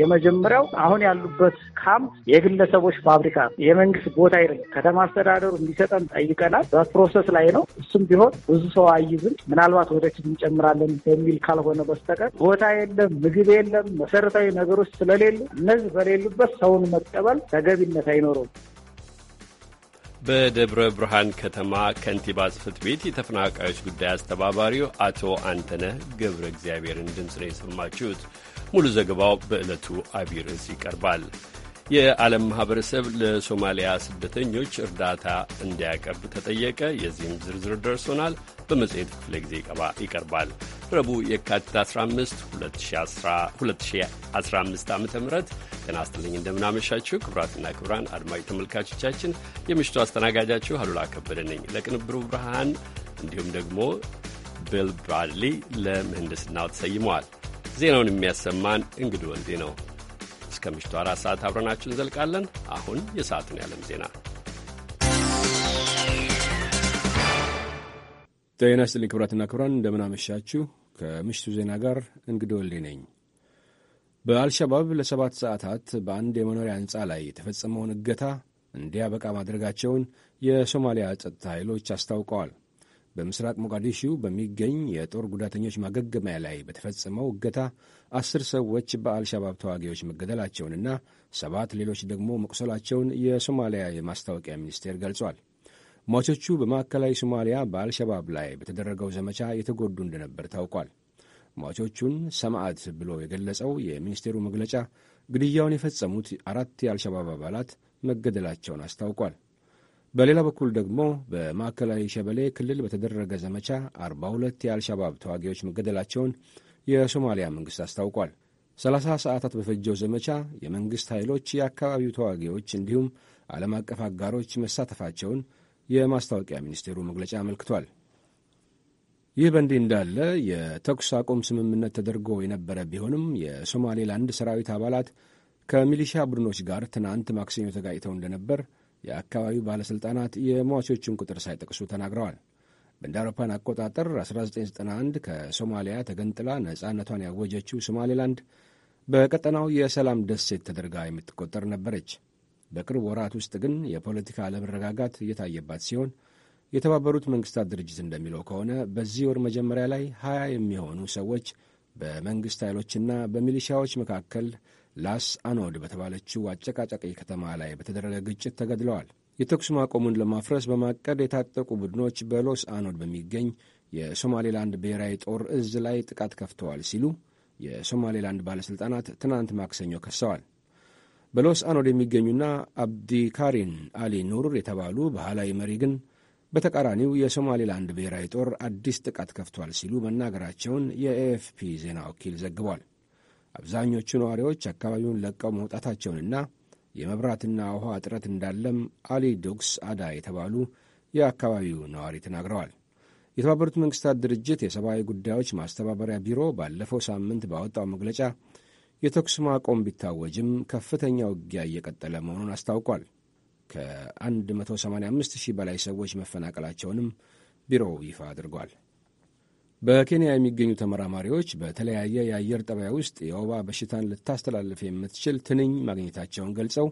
የመጀመሪያው አሁን ያሉበት ካምፕ የግለሰቦች ፋብሪካ የመንግስት ቦታ አይደለም። ከተማ አስተዳደሩ እንዲሰጠን ጠይቀናል። በፕሮሰስ ላይ ነው። እሱም ቢሆን ብዙ ሰው አይዝም። ምናልባት ወደፊት እንጨምራለን በሚል ካልሆነ በስተቀር ቦታ የለም፣ ምግብ የለም፣ መሰረታዊ ነገሮች ስለሌሉ እነዚህ በሌሉበት ሰውን መቀበል ተገቢነት አይኖረውም። በደብረ ብርሃን ከተማ ከንቲባ ጽህፈት ቤት የተፈናቃዮች ጉዳይ አስተባባሪው አቶ አንተነህ ገብረ እግዚአብሔርን ድምፅ ነው የሰማችሁት። ሙሉ ዘገባው በዕለቱ አቢይ ርዕስ ይቀርባል። የዓለም ማህበረሰብ ለሶማሊያ ስደተኞች እርዳታ እንዲያቀርብ ተጠየቀ። የዚህም ዝርዝር ደርሶናል፣ በመጽሔት ክፍለ ጊዜ ይቀርባል። ረቡዕ የካቲት 15 2015 ዓ ም ጤና ይስጥልኝ፣ እንደምናመሻችሁ ክቡራትና ክቡራን አድማጭ ተመልካቾቻችን የምሽቱ አስተናጋጃችሁ አሉላ ከበደ ነኝ። ለቅንብሩ ብርሃን እንዲሁም ደግሞ ቢል ብራድሊ ለምህንድስናው ተሰይመዋል። ዜናውን የሚያሰማን እንግድ ወልዴ ነው። እስከ ምሽቱ አራት ሰዓት አብረናችሁ እንዘልቃለን። አሁን የሰዓቱን ያለም ዜና። ጤና ይስጥልኝ ክቡራትና ክቡራን፣ እንደምናመሻችሁ። ከምሽቱ ዜና ጋር እንግድ ወልዴ ነኝ። በአልሸባብ ለሰባት ሰዓታት በአንድ የመኖሪያ ህንፃ ላይ የተፈጸመውን እገታ እንዲያበቃ ማድረጋቸውን የሶማሊያ ጸጥታ ኃይሎች አስታውቀዋል። በምስራቅ ሞቃዲሹ በሚገኝ የጦር ጉዳተኞች ማገገሚያ ላይ በተፈጸመው እገታ አስር ሰዎች በአልሻባብ ተዋጊዎች መገደላቸውንና ሰባት ሌሎች ደግሞ መቁሰላቸውን የሶማሊያ የማስታወቂያ ሚኒስቴር ገልጿል። ሟቾቹ በማዕከላዊ ሶማሊያ በአልሸባብ ላይ በተደረገው ዘመቻ የተጎዱ እንደነበር ታውቋል። ሟቾቹን ሰማዕት ብሎ የገለጸው የሚኒስቴሩ መግለጫ ግድያውን የፈጸሙት አራት የአልሸባብ አባላት መገደላቸውን አስታውቋል። በሌላ በኩል ደግሞ በማዕከላዊ ሸበሌ ክልል በተደረገ ዘመቻ 42 የአልሻባብ ተዋጊዎች መገደላቸውን የሶማሊያ መንግሥት አስታውቋል። 30 ሰዓታት በፈጀው ዘመቻ የመንግሥት ኃይሎች፣ የአካባቢው ተዋጊዎች እንዲሁም ዓለም አቀፍ አጋሮች መሳተፋቸውን የማስታወቂያ ሚኒስቴሩ መግለጫ አመልክቷል። ይህ በእንዲህ እንዳለ የተኩስ አቁም ስምምነት ተደርጎ የነበረ ቢሆንም የሶማሌላንድ ሰራዊት አባላት ከሚሊሻ ቡድኖች ጋር ትናንት ማክሰኞ ተጋጭተው እንደነበር የአካባቢው ባለሥልጣናት የሟቾችን ቁጥር ሳይጠቅሱ ተናግረዋል። በእንደ አውሮፓን አቆጣጠር 1991 ከሶማሊያ ተገንጥላ ነጻነቷን ያወጀችው ሶማሌላንድ በቀጠናው የሰላም ደሴት ተደርጋ የምትቆጠር ነበረች። በቅርብ ወራት ውስጥ ግን የፖለቲካ አለመረጋጋት እየታየባት ሲሆን የተባበሩት መንግስታት ድርጅት እንደሚለው ከሆነ በዚህ ወር መጀመሪያ ላይ 20 የሚሆኑ ሰዎች በመንግሥት ኃይሎችና በሚሊሺያዎች መካከል ላስ አኖድ በተባለችው አጨቃጫቂ ከተማ ላይ በተደረገ ግጭት ተገድለዋል። የተኩስ ማቆሙን ለማፍረስ በማቀድ የታጠቁ ቡድኖች በሎስ አኖድ በሚገኝ የሶማሌላንድ ብሔራዊ ጦር እዝ ላይ ጥቃት ከፍተዋል ሲሉ የሶማሌላንድ ባለሥልጣናት ትናንት ማክሰኞ ከሰዋል። በሎስ አኖድ የሚገኙና አብዲካሪን አሊ ኑር የተባሉ ባህላዊ መሪ ግን በተቃራኒው የሶማሌላንድ ብሔራዊ ጦር አዲስ ጥቃት ከፍቷል ሲሉ መናገራቸውን የኤኤፍፒ ዜና ወኪል ዘግቧል። አብዛኞቹ ነዋሪዎች አካባቢውን ለቀው መውጣታቸውንና የመብራትና ውሃ እጥረት እንዳለም አሊ ዶግስ አዳ የተባሉ የአካባቢው ነዋሪ ተናግረዋል። የተባበሩት መንግስታት ድርጅት የሰብአዊ ጉዳዮች ማስተባበሪያ ቢሮ ባለፈው ሳምንት ባወጣው መግለጫ የተኩስ ማቆም ቢታወጅም ከፍተኛ ውጊያ እየቀጠለ መሆኑን አስታውቋል። ከ185 ሺህ በላይ ሰዎች መፈናቀላቸውንም ቢሮው ይፋ አድርጓል። በኬንያ የሚገኙ ተመራማሪዎች በተለያየ የአየር ጠባይ ውስጥ የወባ በሽታን ልታስተላልፍ የምትችል ትንኝ ማግኘታቸውን ገልጸው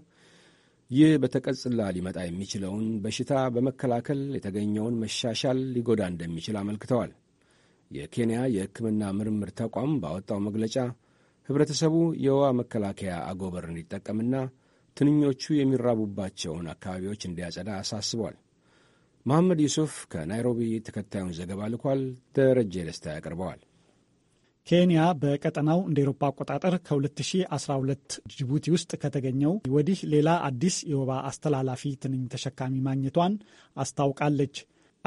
ይህ በተቀጽላ ሊመጣ የሚችለውን በሽታ በመከላከል የተገኘውን መሻሻል ሊጎዳ እንደሚችል አመልክተዋል። የኬንያ የሕክምና ምርምር ተቋም ባወጣው መግለጫ ህብረተሰቡ የውሃ መከላከያ አጎበር እንዲጠቀምና ትንኞቹ የሚራቡባቸውን አካባቢዎች እንዲያጸዳ አሳስቧል። መሐመድ ዩሱፍ ከናይሮቢ ተከታዩን ዘገባ ልኳል። ደረጀ ደስታ ያቀርበዋል። ኬንያ በቀጠናው እንደ ኤሮፓ አቆጣጠር ከ2012 ጅቡቲ ውስጥ ከተገኘው ወዲህ ሌላ አዲስ የወባ አስተላላፊ ትንኝ ተሸካሚ ማግኘቷን አስታውቃለች።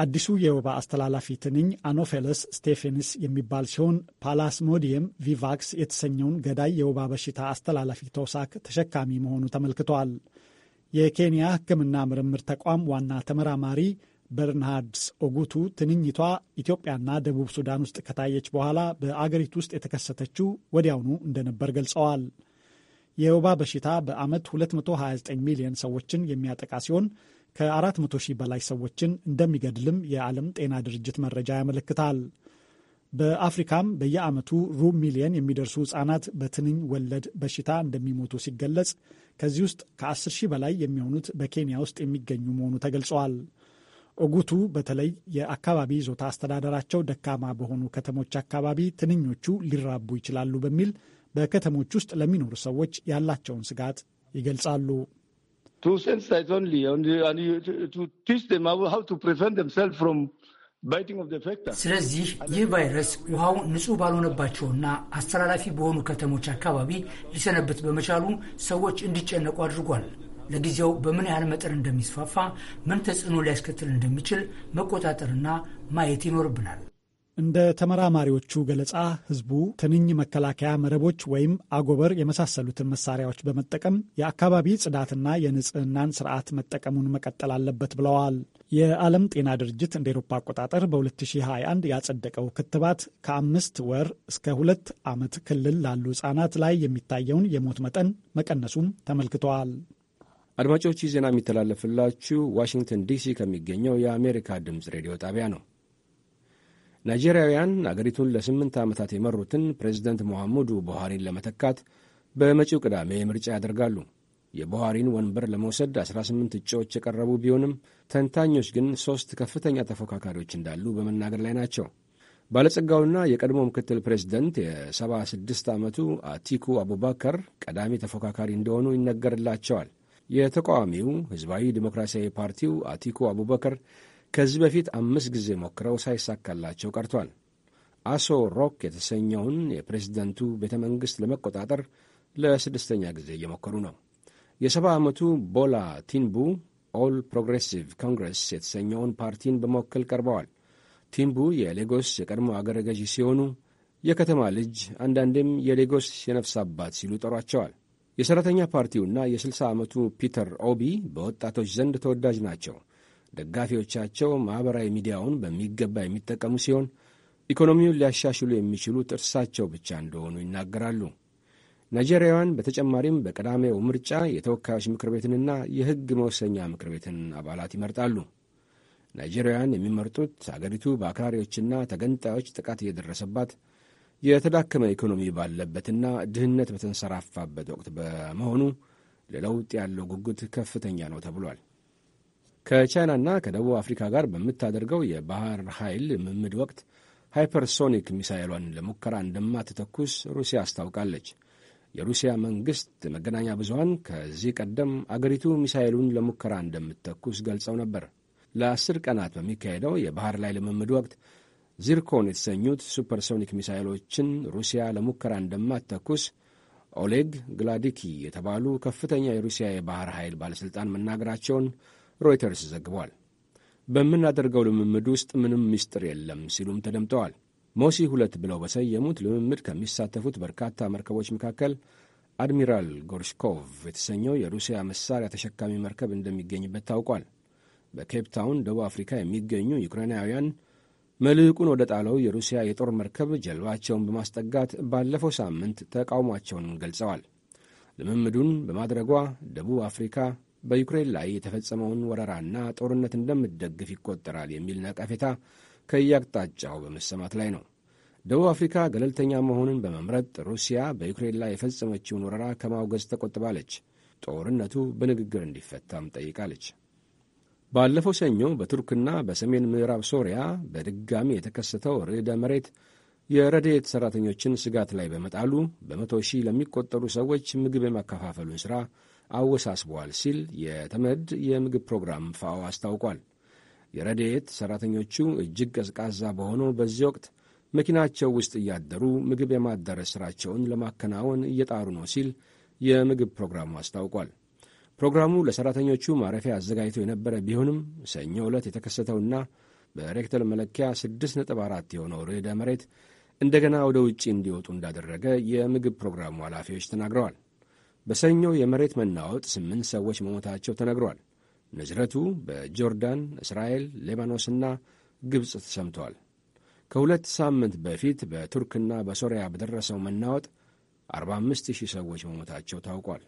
አዲሱ የወባ አስተላላፊ ትንኝ አኖፌለስ ስቴፌንስ የሚባል ሲሆን ፓላስሞዲየም ቪቫክስ የተሰኘውን ገዳይ የወባ በሽታ አስተላላፊ ተውሳክ ተሸካሚ መሆኑ ተመልክተዋል። የኬንያ ሕክምና ምርምር ተቋም ዋና ተመራማሪ በርንሃርድስ ኦጉቱ ትንኝቷ ኢትዮጵያና ደቡብ ሱዳን ውስጥ ከታየች በኋላ በአገሪቱ ውስጥ የተከሰተችው ወዲያውኑ እንደነበር ገልጸዋል። የወባ በሽታ በዓመት 229 ሚሊዮን ሰዎችን የሚያጠቃ ሲሆን ከ400 ሺህ በላይ ሰዎችን እንደሚገድልም የዓለም ጤና ድርጅት መረጃ ያመለክታል። በአፍሪካም በየዓመቱ ሩብ ሚሊየን የሚደርሱ ህጻናት በትንኝ ወለድ በሽታ እንደሚሞቱ ሲገለጽ ከዚህ ውስጥ ከ10 ሺህ በላይ የሚሆኑት በኬንያ ውስጥ የሚገኙ መሆኑ ተገልጸዋል። ኦጉቱ በተለይ የአካባቢ ይዞታ አስተዳደራቸው ደካማ በሆኑ ከተሞች አካባቢ ትንኞቹ ሊራቡ ይችላሉ በሚል በከተሞች ውስጥ ለሚኖሩ ሰዎች ያላቸውን ስጋት ይገልጻሉ። ስለዚህ ይህ ቫይረስ ውሃው ንጹህ ባልሆነባቸውና አስተላላፊ በሆኑ ከተሞች አካባቢ ሊሰነብት በመቻሉ ሰዎች እንዲጨነቁ አድርጓል። ለጊዜው በምን ያህል መጠን እንደሚስፋፋ፣ ምን ተጽዕኖ ሊያስከትል እንደሚችል መቆጣጠርና ማየት ይኖርብናል። እንደ ተመራማሪዎቹ ገለጻ ህዝቡ ትንኝ መከላከያ መረቦች ወይም አጎበር የመሳሰሉትን መሳሪያዎች በመጠቀም የአካባቢ ጽዳትና የንጽህናን ስርዓት መጠቀሙን መቀጠል አለበት ብለዋል። የዓለም ጤና ድርጅት እንደ ኤሮፓ አቆጣጠር በ2021 ያጸደቀው ክትባት ከአምስት ወር እስከ ሁለት ዓመት ክልል ላሉ ህጻናት ላይ የሚታየውን የሞት መጠን መቀነሱም ተመልክተዋል። አድማጮች ዜና የሚተላለፍላችሁ ዋሽንግተን ዲሲ ከሚገኘው የአሜሪካ ድምፅ ሬዲዮ ጣቢያ ነው። ናይጄሪያውያን አገሪቱን ለስምንት ዓመታት የመሩትን ፕሬዚደንት መሐመዱ ቡሃሪን ለመተካት በመጪው ቅዳሜ ምርጫ ያደርጋሉ። የቡሃሪን ወንበር ለመውሰድ 18 እጩዎች የቀረቡ ቢሆንም ተንታኞች ግን ሦስት ከፍተኛ ተፎካካሪዎች እንዳሉ በመናገር ላይ ናቸው። ባለጸጋውና የቀድሞ ምክትል ፕሬዚደንት የ76 ዓመቱ አቲኩ አቡባከር ቀዳሚ ተፎካካሪ እንደሆኑ ይነገርላቸዋል። የተቃዋሚው ሕዝባዊ ዲሞክራሲያዊ ፓርቲው አቲኩ አቡበከር ከዚህ በፊት አምስት ጊዜ ሞክረው ሳይሳካላቸው ቀርቷል። አሶ ሮክ የተሰኘውን የፕሬዝደንቱ ቤተ መንግሥት ለመቆጣጠር ለስድስተኛ ጊዜ እየሞከሩ ነው። የሰባ ዓመቱ ቦላ ቲንቡ ኦል ፕሮግሬሲቭ ኮንግረስ የተሰኘውን ፓርቲን በመወከል ቀርበዋል። ቲምቡ የሌጎስ የቀድሞ አገረ ገዢ ሲሆኑ የከተማ ልጅ አንዳንዴም የሌጎስ የነፍስ አባት ሲሉ ጠሯቸዋል። የሠራተኛ ፓርቲውና የ60 ዓመቱ ፒተር ኦቢ በወጣቶች ዘንድ ተወዳጅ ናቸው። ደጋፊዎቻቸው ማኅበራዊ ሚዲያውን በሚገባ የሚጠቀሙ ሲሆን ኢኮኖሚውን ሊያሻሽሉ የሚችሉት እርሳቸው ብቻ እንደሆኑ ይናገራሉ። ናይጄሪያውያን በተጨማሪም በቀዳሜው ምርጫ የተወካዮች ምክር ቤትንና የሕግ መወሰኛ ምክር ቤትን አባላት ይመርጣሉ። ናይጄሪያውያን የሚመርጡት አገሪቱ በአክራሪዎችና ተገንጣዮች ጥቃት እየደረሰባት የተዳከመ ኢኮኖሚ ባለበትና ድህነት በተንሰራፋበት ወቅት በመሆኑ ለለውጥ ያለው ጉጉት ከፍተኛ ነው ተብሏል። ከቻይናና ከደቡብ አፍሪካ ጋር በምታደርገው የባህር ኃይል ምምድ ወቅት ሃይፐርሶኒክ ሚሳይሏን ለሙከራ እንደማትተኩስ ሩሲያ አስታውቃለች። የሩሲያ መንግሥት መገናኛ ብዙሃን ከዚህ ቀደም አገሪቱ ሚሳኤሉን ለሙከራ እንደምትተኩስ ገልጸው ነበር። ለአስር ቀናት በሚካሄደው የባህር ላይ ልምምድ ወቅት ዚርኮን የተሰኙት ሱፐርሶኒክ ሚሳይሎችን ሩሲያ ለሙከራ እንደማትተኩስ ኦሌግ ግላዲኪ የተባሉ ከፍተኛ የሩሲያ የባህር ኃይል ባለሥልጣን መናገራቸውን ሮይተርስ ዘግቧል። በምናደርገው ልምምድ ውስጥ ምንም ምስጢር የለም ሲሉም ተደምጠዋል። ሞሲ ሁለት ብለው በሰየሙት ልምምድ ከሚሳተፉት በርካታ መርከቦች መካከል አድሚራል ጎርሽኮቭ የተሰኘው የሩሲያ መሳሪያ ተሸካሚ መርከብ እንደሚገኝበት ታውቋል። በኬፕ ታውን ደቡብ አፍሪካ የሚገኙ ዩክሬናውያን መልህቁን ወደ ጣለው የሩሲያ የጦር መርከብ ጀልባቸውን በማስጠጋት ባለፈው ሳምንት ተቃውሟቸውን ገልጸዋል። ልምምዱን በማድረጓ ደቡብ አፍሪካ በዩክሬን ላይ የተፈጸመውን ወረራና ጦርነት እንደምትደግፍ ይቆጠራል የሚል ነቀፌታ ከየአቅጣጫው በመሰማት ላይ ነው። ደቡብ አፍሪካ ገለልተኛ መሆኑን በመምረጥ ሩሲያ በዩክሬን ላይ የፈጸመችውን ወረራ ከማውገዝ ተቆጥባለች። ጦርነቱ በንግግር እንዲፈታም ጠይቃለች። ባለፈው ሰኞ በቱርክና በሰሜን ምዕራብ ሶሪያ በድጋሚ የተከሰተው ርዕደ መሬት የረድኤት ሠራተኞችን ስጋት ላይ በመጣሉ በመቶ ሺህ ለሚቆጠሩ ሰዎች ምግብ የማከፋፈሉን ሥራ አወሳስበዋል ሲል የተመድ የምግብ ፕሮግራም ፋኦ አስታውቋል። የረድኤት ሠራተኞቹ እጅግ ቀዝቃዛ በሆነው በዚህ ወቅት መኪናቸው ውስጥ እያደሩ ምግብ የማዳረስ ሥራቸውን ለማከናወን እየጣሩ ነው ሲል የምግብ ፕሮግራሙ አስታውቋል። ፕሮግራሙ ለሠራተኞቹ ማረፊያ አዘጋጅቶ የነበረ ቢሆንም ሰኞ ዕለት የተከሰተውና በሬክተር መለኪያ 6.4 የሆነው ርዕደ መሬት እንደገና ወደ ውጪ እንዲወጡ እንዳደረገ የምግብ ፕሮግራሙ ኃላፊዎች ተናግረዋል። በሰኞ የመሬት መናወጥ ስምንት ሰዎች መሞታቸው ተነግሯል። ንዝረቱ በጆርዳን፣ እስራኤል፣ ሌባኖስና ግብፅ ተሰምተዋል። ከሁለት ሳምንት በፊት በቱርክና በሶሪያ በደረሰው መናወጥ 450 ሰዎች መሞታቸው ታውቋል።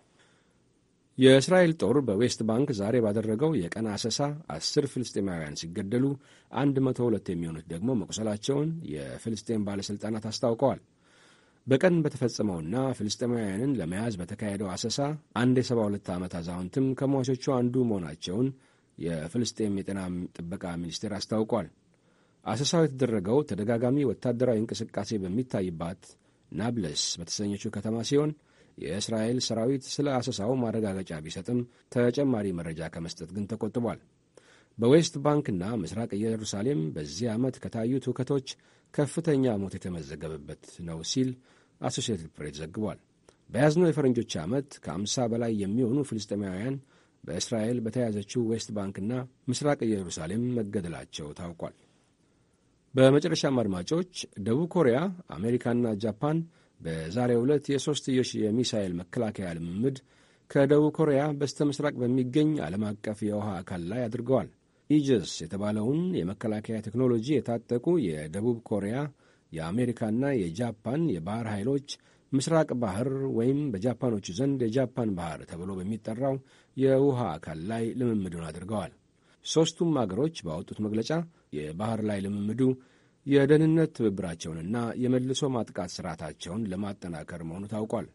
የእስራኤል ጦር በዌስት ባንክ ዛሬ ባደረገው የቀን አሰሳ አስር ፍልስጤማውያን ሲገደሉ 102 የሚሆኑት ደግሞ መቁሰላቸውን የፍልስጤን ባለሥልጣናት አስታውቀዋል። በቀን በተፈጸመውና ፍልስጤማውያንን ለመያዝ በተካሄደው አሰሳ አንድ የ72 ዓመት አዛውንትም ከሟቾቹ አንዱ መሆናቸውን የፍልስጤም የጤና ጥበቃ ሚኒስቴር አስታውቋል። አሰሳው የተደረገው ተደጋጋሚ ወታደራዊ እንቅስቃሴ በሚታይባት ናብለስ በተሰኘችው ከተማ ሲሆን የእስራኤል ሰራዊት ስለ አሰሳው ማረጋገጫ ቢሰጥም ተጨማሪ መረጃ ከመስጠት ግን ተቆጥቧል። በዌስት ባንክና ምስራቅ ኢየሩሳሌም በዚህ ዓመት ከታዩት ውከቶች ከፍተኛ ሞት የተመዘገበበት ነው ሲል አሶሺየትድ ፕሬስ ዘግቧል። በያዝነው የፈረንጆች ዓመት ከ50 በላይ የሚሆኑ ፍልስጤማውያን በእስራኤል በተያዘችው ዌስት ባንክና ምስራቅ ኢየሩሳሌም መገደላቸው ታውቋል። በመጨረሻም አድማጮች፣ ደቡብ ኮሪያ፣ አሜሪካና ጃፓን በዛሬው ዕለት የሦስትዮሽ የሚሳኤል መከላከያ ልምምድ ከደቡብ ኮሪያ በስተ ምስራቅ በሚገኝ ዓለም አቀፍ የውሃ አካል ላይ አድርገዋል። ኢጅስ የተባለውን የመከላከያ ቴክኖሎጂ የታጠቁ የደቡብ ኮሪያ የአሜሪካና የጃፓን የባህር ኃይሎች ምስራቅ ባህር ወይም በጃፓኖቹ ዘንድ የጃፓን ባህር ተብሎ በሚጠራው የውሃ አካል ላይ ልምምዱን አድርገዋል። ሦስቱም አገሮች ባወጡት መግለጫ የባህር ላይ ልምምዱ የደህንነት ትብብራቸውንና የመልሶ ማጥቃት ሥርዓታቸውን ለማጠናከር መሆኑ ታውቋል።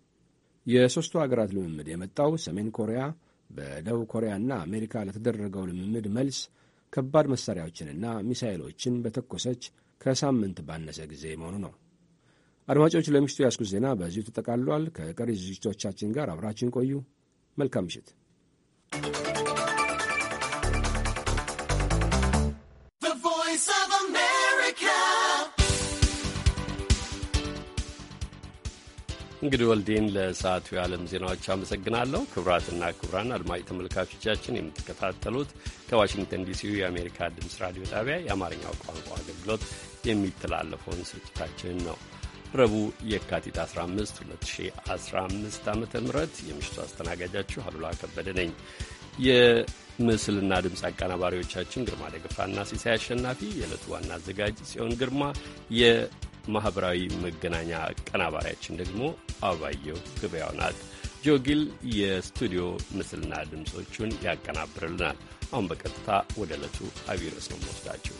የሦስቱ አገራት ልምምድ የመጣው ሰሜን ኮሪያ በደቡብ ኮሪያና አሜሪካ ለተደረገው ልምምድ መልስ ከባድ መሣሪያዎችንና ሚሳይሎችን በተኮሰች ከሳምንት ባነሰ ጊዜ መሆኑ ነው። አድማጮች፣ ለምሽቱ ያስኩት ዜና በዚሁ ተጠቃልሏል። ከቀሪ ዝግጅቶቻችን ጋር አብራችን ቆዩ። መልካም ምሽት። እንግዲህ ወልዴን ለሰዓቱ የዓለም ዜናዎች አመሰግናለሁ። ክቡራትና ክቡራን አድማጭ ተመልካቾቻችን የምትከታተሉት ከዋሽንግተን ዲሲው የአሜሪካ ድምፅ ራዲዮ ጣቢያ የአማርኛው ቋንቋ አገልግሎት የሚተላለፈውን ስርጭታችንን ነው። ረቡዕ የካቲት 15 2015 ዓ ም የምሽቱ አስተናጋጃችሁ አሉላ ከበደ ነኝ። የምስልና ድምፅ አቀናባሪዎቻችን ግርማ ደገፋና ሲሳይ አሸናፊ፣ የዕለቱ ዋና አዘጋጅ ጽዮን ግርማ፣ የማኅበራዊ መገናኛ አቀናባሪያችን ደግሞ አባየው ገበያው ናት። ጆጊል የስቱዲዮ ምስልና ድምፆቹን ያቀናብርልናል። አሁን በቀጥታ ወደ ዕለቱ አቢረስ ነው የምወስዳችሁ።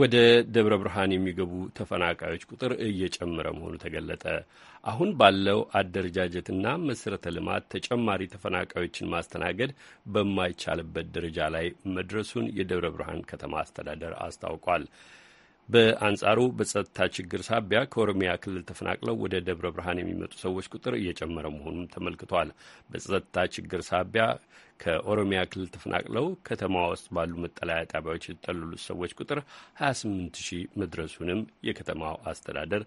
ወደ ደብረ ብርሃን የሚገቡ ተፈናቃዮች ቁጥር እየጨመረ መሆኑ ተገለጠ። አሁን ባለው አደረጃጀትና መሰረተ ልማት ተጨማሪ ተፈናቃዮችን ማስተናገድ በማይቻልበት ደረጃ ላይ መድረሱን የደብረ ብርሃን ከተማ አስተዳደር አስታውቋል። በአንጻሩ በጸጥታ ችግር ሳቢያ ከኦሮሚያ ክልል ተፈናቅለው ወደ ደብረ ብርሃን የሚመጡ ሰዎች ቁጥር እየጨመረ መሆኑን ተመልክቷል። በጸጥታ ችግር ሳቢያ ከኦሮሚያ ክልል ተፈናቅለው ከተማ ውስጥ ባሉ መጠለያ ጣቢያዎች የተጠለሉት ሰዎች ቁጥር 28 ሺህ መድረሱንም የከተማው አስተዳደር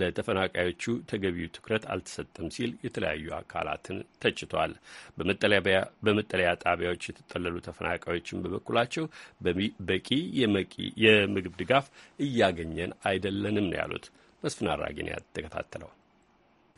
ለተፈናቃዮቹ ተገቢው ትኩረት አልተሰጠም ሲል የተለያዩ አካላትን ተችቷል። በመጠለያ ጣቢያዎች የተጠለሉ ተፈናቃዮችን በበኩላቸው በቂ የምግብ ድጋፍ እያገኘን አይደለንም ነው ያሉት። መስፍን አራጊን ያተከታተለው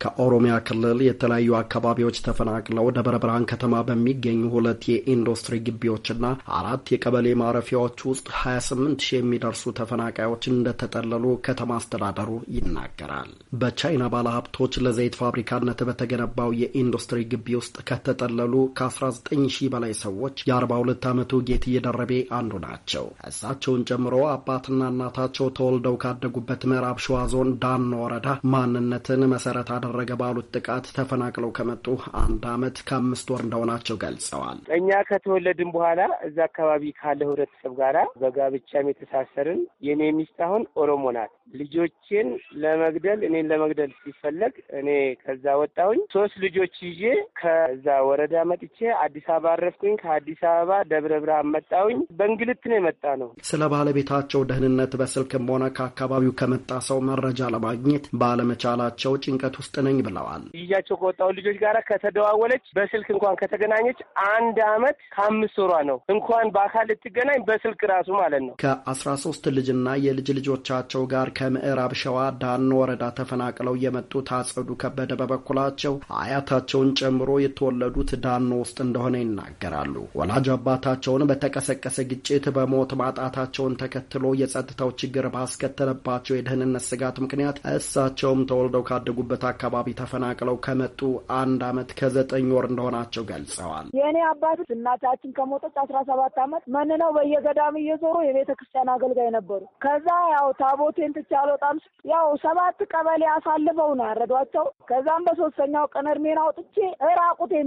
ከኦሮሚያ ክልል የተለያዩ አካባቢዎች ተፈናቅለው ደብረ ብርሃን ከተማ በሚገኙ ሁለት የኢንዱስትሪ ግቢዎችና አራት የቀበሌ ማረፊያዎች ውስጥ 28 ሺህ የሚደርሱ ተፈናቃዮች እንደተጠለሉ ከተማ አስተዳደሩ ይናገራል። በቻይና ባለሀብቶች ለዘይት ፋብሪካነት በተገነባው የኢንዱስትሪ ግቢ ውስጥ ከተጠለሉ ከ19 ሺህ በላይ ሰዎች የ42 ዓመቱ ጌትዬ ደረቤ አንዱ ናቸው። እሳቸውን ጨምሮ አባትና እናታቸው ተወልደው ካደጉበት ምዕራብ ሸዋ ዞን ዳኖ ወረዳ ማንነትን መሰረት አደ ተደረገ ባሉት ጥቃት ተፈናቅለው ከመጡ አንድ አመት ከአምስት ወር እንደሆናቸው ገልጸዋል። እኛ ከተወለድን በኋላ እዛ አካባቢ ካለ ህብረተሰብ ጋራ በጋብቻም የተሳሰርን። የእኔ ሚስት አሁን ኦሮሞ ናት። ልጆቼን ለመግደል እኔን ለመግደል ሲፈለግ እኔ ከዛ ወጣሁኝ። ሶስት ልጆች ይዤ ከዛ ወረዳ መጥቼ አዲስ አበባ አረፍኩኝ። ከአዲስ አበባ ደብረ ብርሃን መጣሁኝ። በእንግልት ነው የመጣ ነው። ስለ ባለቤታቸው ደህንነት በስልክም ሆነ ከአካባቢው ከመጣ ሰው መረጃ ለማግኘት ባለመቻላቸው ጭንቀት ውስጥ ነኝ ብለዋል። ይያቸው ከወጣው ልጆች ጋር ከተደዋወለች በስልክ እንኳን ከተገናኘች አንድ አመት ከአምስት ወሯ ነው። እንኳን በአካል ልትገናኝ በስልክ ራሱ ማለት ነው። ከአስራ ሶስት ልጅና የልጅ ልጆቻቸው ጋር ከምዕራብ ሸዋ ዳኖ ወረዳ ተፈናቅለው የመጡት አጸዱ ከበደ በበኩላቸው አያታቸውን ጨምሮ የተወለዱት ዳኖ ውስጥ እንደሆነ ይናገራሉ። ወላጅ አባታቸውን በተቀሰቀሰ ግጭት በሞት ማጣታቸውን ተከትሎ የጸጥታው ችግር ባስከተለባቸው የደህንነት ስጋት ምክንያት እሳቸውም ተወልደው ካደጉበት አካባቢ ተፈናቅለው ከመጡ አንድ አመት ከዘጠኝ ወር እንደሆናቸው ገልጸዋል። የእኔ አባቶች እናታችን ከሞተች አስራ ሰባት አመት መንነው በየገዳም እየዞሩ የቤተ ክርስቲያን አገልጋይ ነበሩ። ከዛ ያው ታቦቴን ትቼ አልወጣም ያው ሰባት ቀበሌ አሳልፈው ነው ያረዷቸው። ከዛም በሶስተኛው ቀን እድሜን አውጥቼ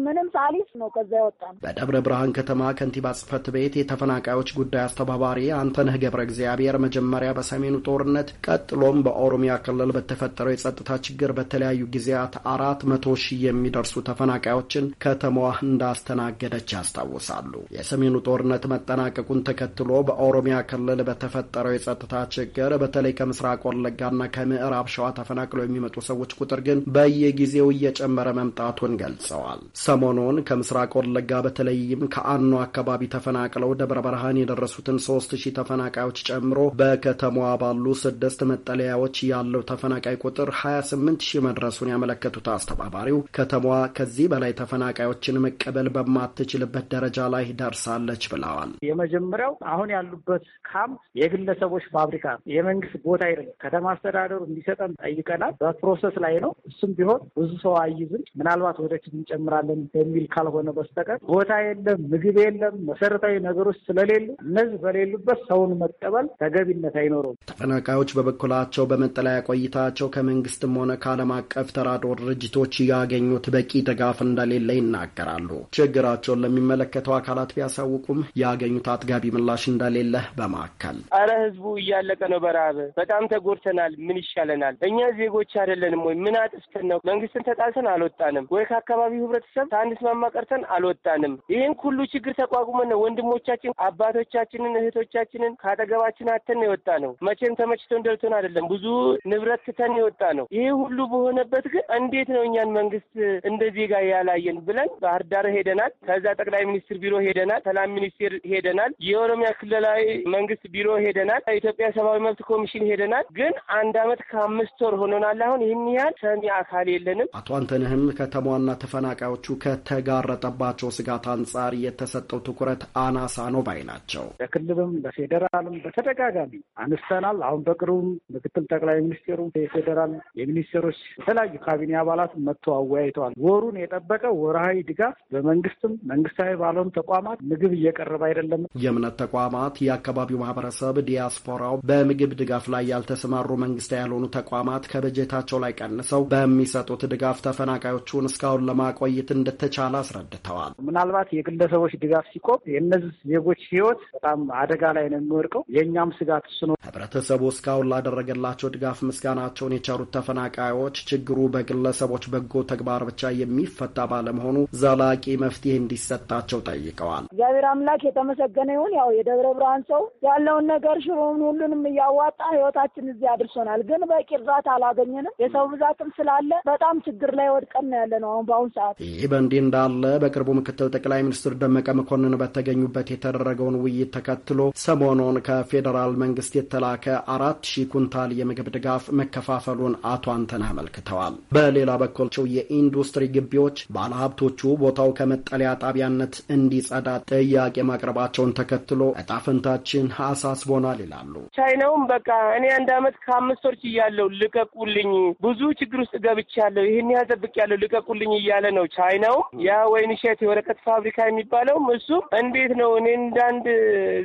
ምንም ሳሊስ ነው ከዛ ያወጣም። በደብረ ብርሃን ከተማ ከንቲባ ጽህፈት ቤት የተፈናቃዮች ጉዳይ አስተባባሪ አንተነህ ገብረ እግዚአብሔር መጀመሪያ በሰሜኑ ጦርነት ቀጥሎም በኦሮሚያ ክልል በተፈጠረው የጸጥታ ችግር በተለያዩ ጊዜያት አራት መቶ ሺህ የሚደርሱ ተፈናቃዮችን ከተማዋ እንዳስተናገደች ያስታውሳሉ። የሰሜኑ ጦርነት መጠናቀቁን ተከትሎ በኦሮሚያ ክልል በተፈጠረው የጸጥታ ችግር በተለይ ከምስራቅ ወለጋና ከምዕራብ ሸዋ ተፈናቅለው የሚመጡ ሰዎች ቁጥር ግን በየጊዜው እየጨመረ መምጣቱን ገልጸዋል። ሰሞኑን ከምስራቅ ወለጋ በተለይም ከአኖ አካባቢ ተፈናቅለው ደብረ ብርሃን የደረሱትን ሶስት ሺህ ተፈናቃዮች ጨምሮ በከተማዋ ባሉ ስድስት መጠለያዎች ያለው ተፈናቃይ ቁጥር 28 ሺህ መድረሱ መድረሱን ያመለከቱት አስተባባሪው ከተማዋ ከዚህ በላይ ተፈናቃዮችን መቀበል በማትችልበት ደረጃ ላይ ደርሳለች ብለዋል። የመጀመሪያው አሁን ያሉበት ካምፕ የግለሰቦች ፋብሪካ የመንግስት ቦታ አይደለም። ከተማ አስተዳደሩ እንዲሰጠን ጠይቀናል። በፕሮሰስ ላይ ነው። እሱም ቢሆን ብዙ ሰው አይዝም። ምናልባት ወደፊት እንጨምራለን በሚል ካልሆነ በስተቀር ቦታ የለም፣ ምግብ የለም፣ መሰረታዊ ነገሮች ስለሌሉ እነዚህ በሌሉበት ሰውን መቀበል ተገቢነት አይኖረውም። ተፈናቃዮች በበኩላቸው በመጠለያ ቆይታቸው ከመንግስትም ሆነ ከዓለም አቀፍ አቀፍ ተራድኦ ድርጅቶች ያገኙት በቂ ድጋፍ እንደሌለ ይናገራሉ። ችግራቸውን ለሚመለከተው አካላት ቢያሳውቁም ያገኙት አጥጋቢ ምላሽ እንደሌለ በማካከል አረ ህዝቡ እያለቀ ነው በረሃብ በጣም ተጎድተናል። ምን ይሻለናል? እኛ ዜጎች አይደለንም ወይ? ምን አጥፍተን ነው? መንግስትን ተጣልተን አልወጣንም ወይ? ከአካባቢው ህብረተሰብ ስማማ ቀርተን አልወጣንም? ይህን ሁሉ ችግር ተቋቁመን ነው ወንድሞቻችን፣ አባቶቻችንን፣ እህቶቻችንን ከአጠገባችን አተን ነው የወጣ ነው። መቼም ተመችቶ እንደልቶን አይደለም። ብዙ ንብረት ትተን የወጣ ነው። ይህ ሁሉ በሆነበት ያለበት ግን እንዴት ነው እኛን መንግስት እንደ ዜጋ ያላየን ብለን ባህር ዳር ሄደናል። ከዛ ጠቅላይ ሚኒስትር ቢሮ ሄደናል። ሰላም ሚኒስቴር ሄደናል። የኦሮሚያ ክልላዊ መንግስት ቢሮ ሄደናል። ኢትዮጵያ ሰብአዊ መብት ኮሚሽን ሄደናል። ግን አንድ አመት ከአምስት ወር ሆኖናል። አሁን ይህን ያህል ሰሚ አካል የለንም። አቶ አንተነህም ከተማዋና ተፈናቃዮቹ ከተጋረጠባቸው ስጋት አንጻር የተሰጠው ትኩረት አናሳ ነው ባይ ናቸው። በክልልም በፌዴራልም በተደጋጋሚ አንስተናል። አሁን በቅርቡም ምክትል ጠቅላይ ሚኒስቴሩም የፌዴራል የሚኒስቴሮች የተለያዩ የካቢኔ አባላት መጥተው አወያይተዋል። ወሩን የጠበቀ ወርሃዊ ድጋፍ በመንግስትም መንግስታዊ ባልሆኑ ተቋማት ምግብ እየቀረበ አይደለም። የእምነት ተቋማት፣ የአካባቢው ማህበረሰብ፣ ዲያስፖራው በምግብ ድጋፍ ላይ ያልተሰማሩ መንግስታዊ ያልሆኑ ተቋማት ከበጀታቸው ላይ ቀንሰው በሚሰጡት ድጋፍ ተፈናቃዮቹን እስካሁን ለማቆየት እንደተቻለ አስረድተዋል። ምናልባት የግለሰቦች ድጋፍ ሲቆም የእነዚህ ዜጎች ህይወት በጣም አደጋ ላይ ነው የሚወድቀው። የእኛም ስጋት እሱ ነው። ህብረተሰቡ እስካሁን ላደረገላቸው ድጋፍ ምስጋናቸውን የቸሩት ተፈናቃዮች ችግሩ ችግሩ በግለሰቦች በጎ ተግባር ብቻ የሚፈታ ባለመሆኑ ዘላቂ መፍትሄ እንዲሰጣቸው ጠይቀዋል። እግዚአብሔር አምላክ የተመሰገነ ይሁን። ያው የደብረ ብርሃን ሰው ያለውን ነገር ሽሮውን ሁሉንም እያዋጣ ህይወታችን እዚህ አድርሶናል። ግን በቂ እርዳታ አላገኘንም። የሰው ብዛትም ስላለ በጣም ችግር ላይ ወድቀን ነው ያለ ነው አሁን በአሁኑ ሰዓት። ይህ በእንዲህ እንዳለ በቅርቡ ምክትል ጠቅላይ ሚኒስትር ደመቀ መኮንን በተገኙበት የተደረገውን ውይይት ተከትሎ ሰሞኑን ከፌዴራል መንግስት የተላከ አራት ሺህ ኩንታል የምግብ ድጋፍ መከፋፈሉን አቶ አንተን አመልክተዋል። ተናግረዋል። በሌላ በኩል የኢንዱስትሪ ግቢዎች ባለሀብቶቹ ቦታው ከመጠለያ ጣቢያነት እንዲጸዳ ጥያቄ ማቅረባቸውን ተከትሎ እጣፈንታችን አሳስቦናል ይላሉ። ቻይናውም በቃ እኔ አንድ አመት ከአምስት ወር እያለሁ ልቀቁልኝ፣ ብዙ ችግር ውስጥ ገብቻለሁ፣ ይህን ያህል ጠብቄያለሁ፣ ልቀቁልኝ እያለ ነው። ቻይናውም ያ ወይን የወረቀት ፋብሪካ የሚባለውም እሱም እንዴት ነው እኔ እንዳንድ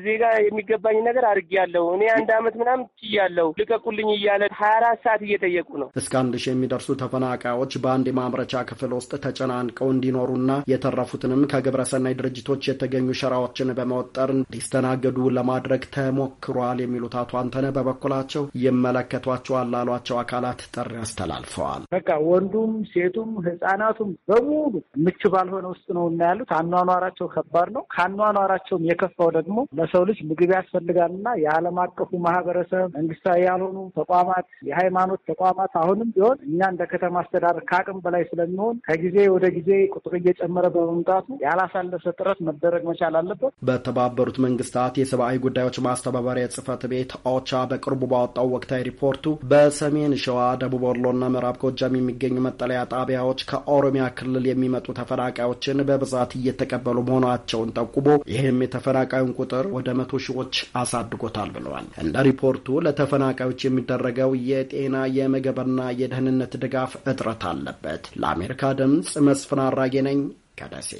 ዜጋ የሚገባኝ ነገር አድርጌያለሁ፣ እኔ አንድ አመት ምናምን ችያለሁ፣ ልቀቁልኝ እያለ ሀያ አራት ሰዓት እየጠየቁ ነው። እስከ አንድ ሺህ የሚደርሱ ተፈናቃዮች በአንድ የማምረቻ ክፍል ውስጥ ተጨናንቀው እንዲኖሩና የተረፉትንም ከግብረሰናይ ድርጅቶች የተገኙ ሸራዎችን በመወጠር እንዲስተናገዱ ለማድረግ ተሞክሯል የሚሉት አቶ አንተነ በበኩላቸው ይመለከቷቸዋል ላሏቸው አካላት ጥሪ አስተላልፈዋል። በቃ ወንዱም፣ ሴቱም፣ ህጻናቱም በሙሉ ምቹ ባልሆነ ውስጥ ነው እና ያሉት አኗኗራቸው ከባድ ነው። ከአኗኗራቸውም የከፋው ደግሞ ለሰው ልጅ ምግብ ያስፈልጋልና የዓለም አቀፉ ማህበረሰብ መንግስታዊ ያልሆኑ ተቋማት፣ የሃይማኖት ተቋማት አሁንም ቢሆን እኛ እንደ ከተማ አስተዳደር ከአቅም በላይ ስለሚሆን ከጊዜ ወደ ጊዜ ቁጥር እየጨመረ በመምጣቱ ያላሳለሰ ጥረት መደረግ መቻል አለበት። በተባበሩት መንግስታት የሰብአዊ ጉዳዮች ማስተባበሪያ ጽህፈት ቤት ኦቻ በቅርቡ ባወጣው ወቅታዊ ሪፖርቱ በሰሜን ሸዋ፣ ደቡብ ወሎና ምዕራብ ጎጃም የሚገኙ መጠለያ ጣቢያዎች ከኦሮሚያ ክልል የሚመጡ ተፈናቃዮችን በብዛት እየተቀበሉ መሆናቸውን ጠቁሞ ይህም የተፈናቃዩን ቁጥር ወደ መቶ ሺዎች አሳድጎታል ብለዋል። እንደ ሪፖርቱ ለተፈናቃዮች የሚደረገው የጤና የምግብና የደህንነት ድጋፍ እጥረት አለበት። ለአሜሪካ ድምፅ መስፍን አራጌ ነኝ ከደሴ።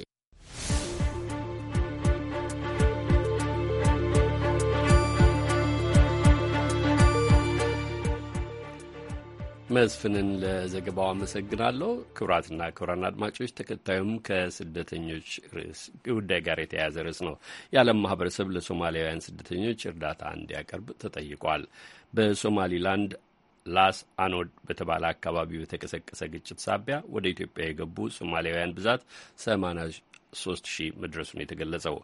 መስፍንን ለዘገባው አመሰግናለሁ። ክቡራትና ክቡራን አድማጮች ተከታዩም ከስደተኞች ጉዳይ ጋር የተያያዘ ርዕስ ነው። የዓለም ማህበረሰብ ለሶማሊያውያን ስደተኞች እርዳታ እንዲያቀርብ ተጠይቋል። በሶማሊላንድ ላስ አኖድ በተባለ አካባቢ በተቀሰቀሰ ግጭት ሳቢያ ወደ ኢትዮጵያ የገቡ ሶማሊያውያን ብዛት ሶስት ሺህ መድረሱን የተገለጸው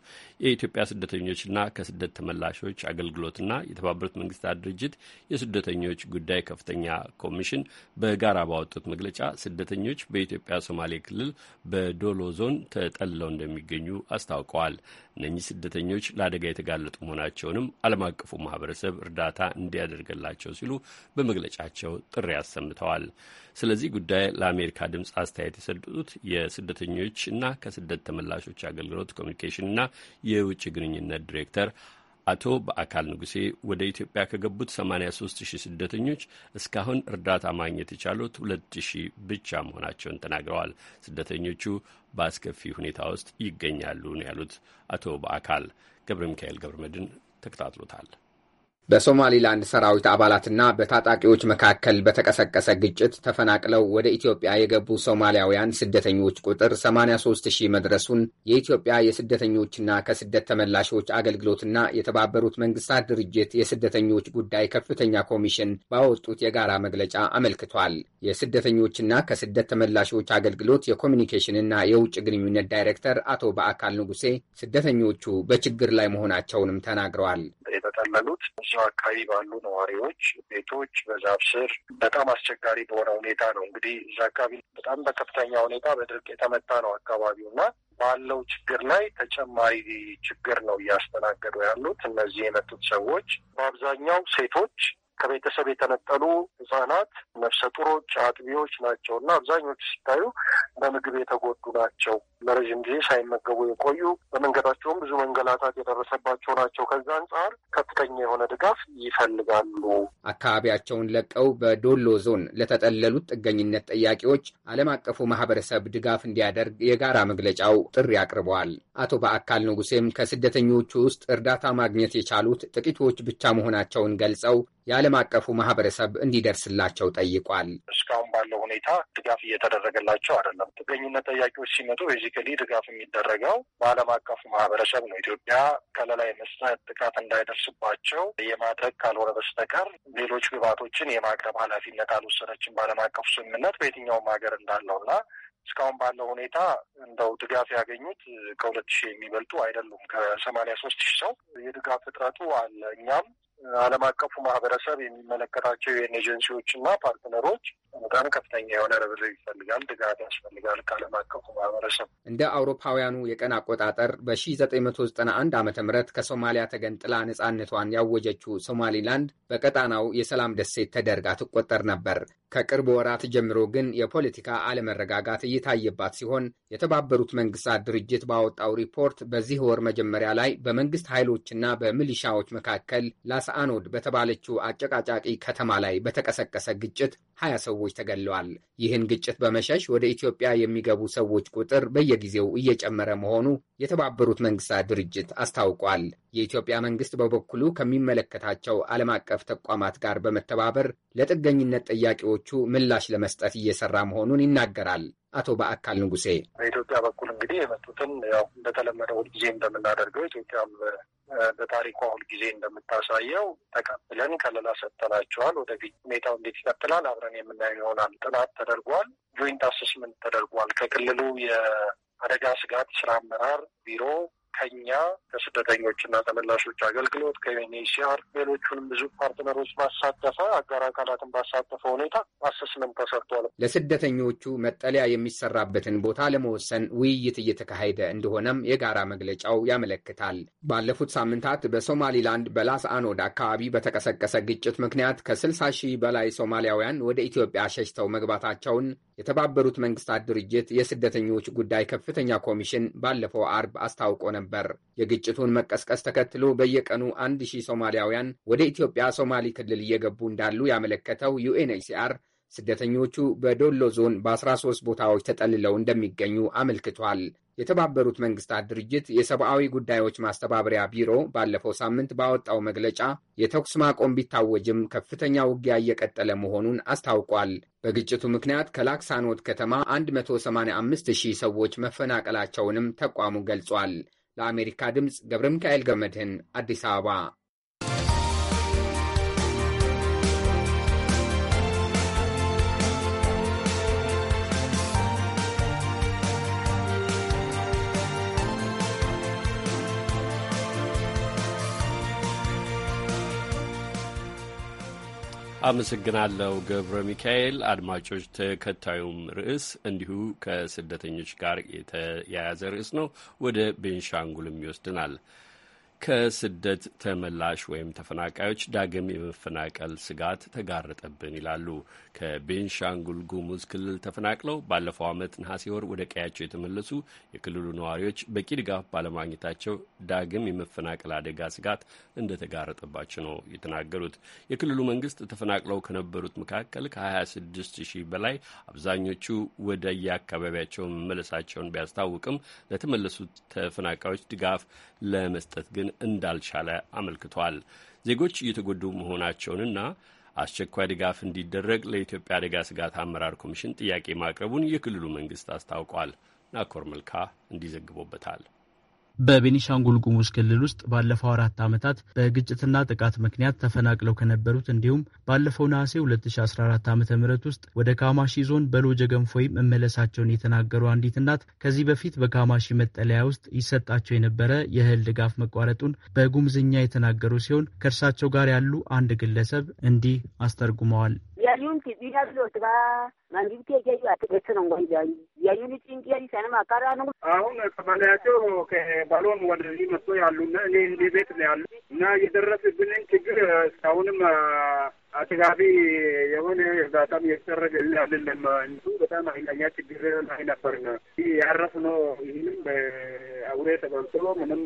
የኢትዮጵያ ስደተኞችና ከስደት ተመላሾች አገልግሎትና የተባበሩት መንግስታት ድርጅት የስደተኞች ጉዳይ ከፍተኛ ኮሚሽን በጋራ ባወጡት መግለጫ ስደተኞች በኢትዮጵያ ሶማሌ ክልል በዶሎ ዞን ተጠልለው እንደሚገኙ አስታውቀዋል። እነኚህ ስደተኞች ለአደጋ የተጋለጡ መሆናቸውንም ዓለም አቀፉ ማህበረሰብ እርዳታ እንዲያደርገላቸው ሲሉ በመግለጫቸው ጥሪ አሰምተዋል። ስለዚህ ጉዳይ ለአሜሪካ ድምፅ አስተያየት የሰጡት የስደተኞች እና ከስደት ተመላሾች አገልግሎት ኮሚኒኬሽንና የውጭ ግንኙነት ዲሬክተር አቶ በአካል ንጉሴ ወደ ኢትዮጵያ ከገቡት 83 ሺህ ስደተኞች እስካሁን እርዳታ ማግኘት የቻሉት 2 ሺህ ብቻ መሆናቸውን ተናግረዋል። ስደተኞቹ በአስከፊ ሁኔታ ውስጥ ይገኛሉ ነው ያሉት አቶ በአካል። ገብረ ሚካኤል ገብረ መድን ተከታትሎታል። በሶማሊላንድ ሰራዊት አባላትና በታጣቂዎች መካከል በተቀሰቀሰ ግጭት ተፈናቅለው ወደ ኢትዮጵያ የገቡ ሶማሊያውያን ስደተኞች ቁጥር 83 ሺህ መድረሱን የኢትዮጵያ የስደተኞችና ከስደት ተመላሾች አገልግሎትና የተባበሩት መንግስታት ድርጅት የስደተኞች ጉዳይ ከፍተኛ ኮሚሽን ባወጡት የጋራ መግለጫ አመልክቷል። የስደተኞችና ከስደት ተመላሾች አገልግሎት የኮሚኒኬሽንና የውጭ ግንኙነት ዳይሬክተር አቶ በአካል ንጉሴ ስደተኞቹ በችግር ላይ መሆናቸውንም ተናግረዋል። እዛው አካባቢ ባሉ ነዋሪዎች ቤቶች በዛፍ ስር በጣም አስቸጋሪ በሆነ ሁኔታ ነው እንግዲህ እዛ አካባቢ በጣም በከፍተኛ ሁኔታ በድርቅ የተመታ ነው አካባቢው እና ባለው ችግር ላይ ተጨማሪ ችግር ነው እያስተናገዱ ያሉት እነዚህ የመጡት ሰዎች በአብዛኛው ሴቶች ከቤተሰብ የተነጠሉ ህጻናት፣ ነፍሰ ጡሮች፣ አጥቢዎች ናቸው እና አብዛኞቹ ሲታዩ በምግብ የተጎዱ ናቸው። ለረዥም ጊዜ ሳይመገቡ የቆዩ በመንገዳቸውም ብዙ መንገላታት የደረሰባቸው ናቸው። ከዛ አንጻር ከፍተኛ የሆነ ድጋፍ ይፈልጋሉ። አካባቢያቸውን ለቀው በዶሎ ዞን ለተጠለሉት ጥገኝነት ጠያቂዎች ዓለም አቀፉ ማህበረሰብ ድጋፍ እንዲያደርግ የጋራ መግለጫው ጥሪ አቅርበዋል። አቶ በአካል ንጉሴም ከስደተኞቹ ውስጥ እርዳታ ማግኘት የቻሉት ጥቂቶች ብቻ መሆናቸውን ገልጸው የዓለም አቀፉ ማህበረሰብ እንዲደርስላቸው ጠይቋል። እስካሁን ባለው ሁኔታ ድጋፍ እየተደረገላቸው አይደለም። ጥገኝነት ጠያቂዎች ሲመጡ ቤዚካሊ ድጋፍ የሚደረገው በዓለም አቀፉ ማህበረሰብ ነው። ኢትዮጵያ ከለላ የመስጠት ጥቃት እንዳይደርስባቸው የማድረግ ካልሆነ በስተቀር ሌሎች ግባቶችን የማቅረብ ኃላፊነት አልወሰነችም በዓለም አቀፉ ስምምነት በየትኛውም ሀገር እንዳለውና እስካሁን ባለው ሁኔታ እንደው ድጋፍ ያገኙት ከሁለት ሺህ የሚበልጡ አይደሉም። ከሰማንያ ሶስት ሺህ ሰው የድጋፍ እጥረቱ አለ። እኛም ዓለም አቀፉ ማህበረሰብ የሚመለከታቸው የዩኤን ኤጀንሲዎች እና ፓርትነሮች በጣም ከፍተኛ የሆነ ርብር ይፈልጋል፣ ድጋፍ ያስፈልጋል ከዓለም አቀፉ ማህበረሰብ። እንደ አውሮፓውያኑ የቀን አቆጣጠር በ1991 ዓ ም ከሶማሊያ ተገንጥላ ነፃነቷን ያወጀችው ሶማሊላንድ በቀጣናው የሰላም ደሴት ተደርጋ ትቆጠር ነበር። ከቅርብ ወራት ጀምሮ ግን የፖለቲካ አለመረጋጋት እየታየባት ሲሆን የተባበሩት መንግስታት ድርጅት ባወጣው ሪፖርት በዚህ ወር መጀመሪያ ላይ በመንግስት ኃይሎችና በሚሊሻዎች መካከል ራስ አኖድ በተባለችው አጨቃጫቂ ከተማ ላይ በተቀሰቀሰ ግጭት ሀያ ሰዎች ተገለዋል። ይህን ግጭት በመሸሽ ወደ ኢትዮጵያ የሚገቡ ሰዎች ቁጥር በየጊዜው እየጨመረ መሆኑ የተባበሩት መንግስታት ድርጅት አስታውቋል። የኢትዮጵያ መንግስት በበኩሉ ከሚመለከታቸው ዓለም አቀፍ ተቋማት ጋር በመተባበር ለጥገኝነት ጥያቄዎቹ ምላሽ ለመስጠት እየሰራ መሆኑን ይናገራል። አቶ በአካል ንጉሴ በኢትዮጵያ በኩል እንግዲህ የመጡትን ያው እንደተለመደ ሁልጊዜ እንደምናደርገው ኢትዮጵያም በታሪኳ ሁልጊዜ እንደምታሳየው ተቀብለን ከለላ ሰጥተናቸዋል። ወደፊት ሁኔታው እንዴት ይቀጥላል አብረን የምናየው ይሆናል። ጥናት ተደርጓል። ጆይንት አሰስመንት ተደርጓል። ከክልሉ የአደጋ ስጋት ስራ አመራር ቢሮ ከኛ ከስደተኞችና ተመላሾች አገልግሎት ከዩኤንኤችሲአር ሌሎቹንም ብዙ ፓርትነሮች ባሳተፈ አጋር አካላትን ባሳተፈ ሁኔታ አሰስመንት ተሰርቷል። ለስደተኞቹ መጠለያ የሚሰራበትን ቦታ ለመወሰን ውይይት እየተካሄደ እንደሆነም የጋራ መግለጫው ያመለክታል። ባለፉት ሳምንታት በሶማሊላንድ በላስ አኖድ አካባቢ በተቀሰቀሰ ግጭት ምክንያት ከ60 ሺህ በላይ ሶማሊያውያን ወደ ኢትዮጵያ ሸሽተው መግባታቸውን የተባበሩት መንግስታት ድርጅት የስደተኞች ጉዳይ ከፍተኛ ኮሚሽን ባለፈው አርብ አስታውቆ ነበር። ነበር። የግጭቱን መቀስቀስ ተከትሎ በየቀኑ አንድ ሺህ ሶማሊያውያን ወደ ኢትዮጵያ ሶማሌ ክልል እየገቡ እንዳሉ ያመለከተው ዩኤንኤችሲአር ስደተኞቹ በዶሎ ዞን በ13 ቦታዎች ተጠልለው እንደሚገኙ አመልክቷል። የተባበሩት መንግስታት ድርጅት የሰብአዊ ጉዳዮች ማስተባበሪያ ቢሮ ባለፈው ሳምንት ባወጣው መግለጫ የተኩስ ማቆም ቢታወጅም ከፍተኛ ውጊያ እየቀጠለ መሆኑን አስታውቋል። በግጭቱ ምክንያት ከላክሳኖት ከተማ 185 ሺህ ሰዎች መፈናቀላቸውንም ተቋሙ ገልጿል። ለአሜሪካ ድምፅ ገብረ ሚካኤል ገመድህን አዲስ አበባ አመሰግናለሁ ገብረ ሚካኤል። አድማጮች፣ ተከታዩም ርዕስ እንዲሁ ከስደተኞች ጋር የተያያዘ ርዕስ ነው። ወደ ቤንሻንጉልም ይወስድናል። ከስደት ተመላሽ ወይም ተፈናቃዮች ዳግም የመፈናቀል ስጋት ተጋረጠብን ይላሉ ከቤንሻንጉል ጉሙዝ ክልል ተፈናቅለው ባለፈው ዓመት ነሐሴ ወር ወደ ቀያቸው የተመለሱ የክልሉ ነዋሪዎች በቂ ድጋፍ ባለማግኘታቸው ዳግም የመፈናቀል አደጋ ስጋት እንደተጋረጠባቸው ነው የተናገሩት። የክልሉ መንግስት ተፈናቅለው ከነበሩት መካከል ከ26 ሺህ በላይ አብዛኞቹ ወደየአካባቢያቸው መመለሳቸውን ቢያስታውቅም ለተመለሱት ተፈናቃዮች ድጋፍ ለመስጠት ግን ሊያድን እንዳልቻለ አመልክቷል። ዜጎች እየተጎዱ መሆናቸውንና አስቸኳይ ድጋፍ እንዲደረግ ለኢትዮጵያ አደጋ ስጋት አመራር ኮሚሽን ጥያቄ ማቅረቡን የክልሉ መንግስት አስታውቋል። ናኮር መልካ እንዲዘግቦበታል። በቤኒሻንጉል ጉሙዝ ክልል ውስጥ ባለፈው አራት ዓመታት በግጭትና ጥቃት ምክንያት ተፈናቅለው ከነበሩት እንዲሁም ባለፈው ነሐሴ 2014 ዓ ም ውስጥ ወደ ካማሺ ዞን በሎጀ ገንፎይ መመለሳቸውን የተናገሩ አንዲት እናት ከዚህ በፊት በካማሺ መጠለያ ውስጥ ይሰጣቸው የነበረ የእህል ድጋፍ መቋረጡን በጉምዝኛ የተናገሩ ሲሆን ከእርሳቸው ጋር ያሉ አንድ ግለሰብ እንዲህ አስተርጉመዋል። አሁን ቀበሌያቸው ከባሎን ወደዚህ መጥቶ ያሉና እኔ እንዲህ ቤት ነው ያሉ እና የደረሰብንን ችግር እስካሁንም አስጋቢ የሆነ እርዳታም እየተደረገልን አይደለም። እንዱ በጣም ኃይለኛ ችግር ላይ ያረፍ ነው። ይህንም በአውሬ ተበልቶ ምንም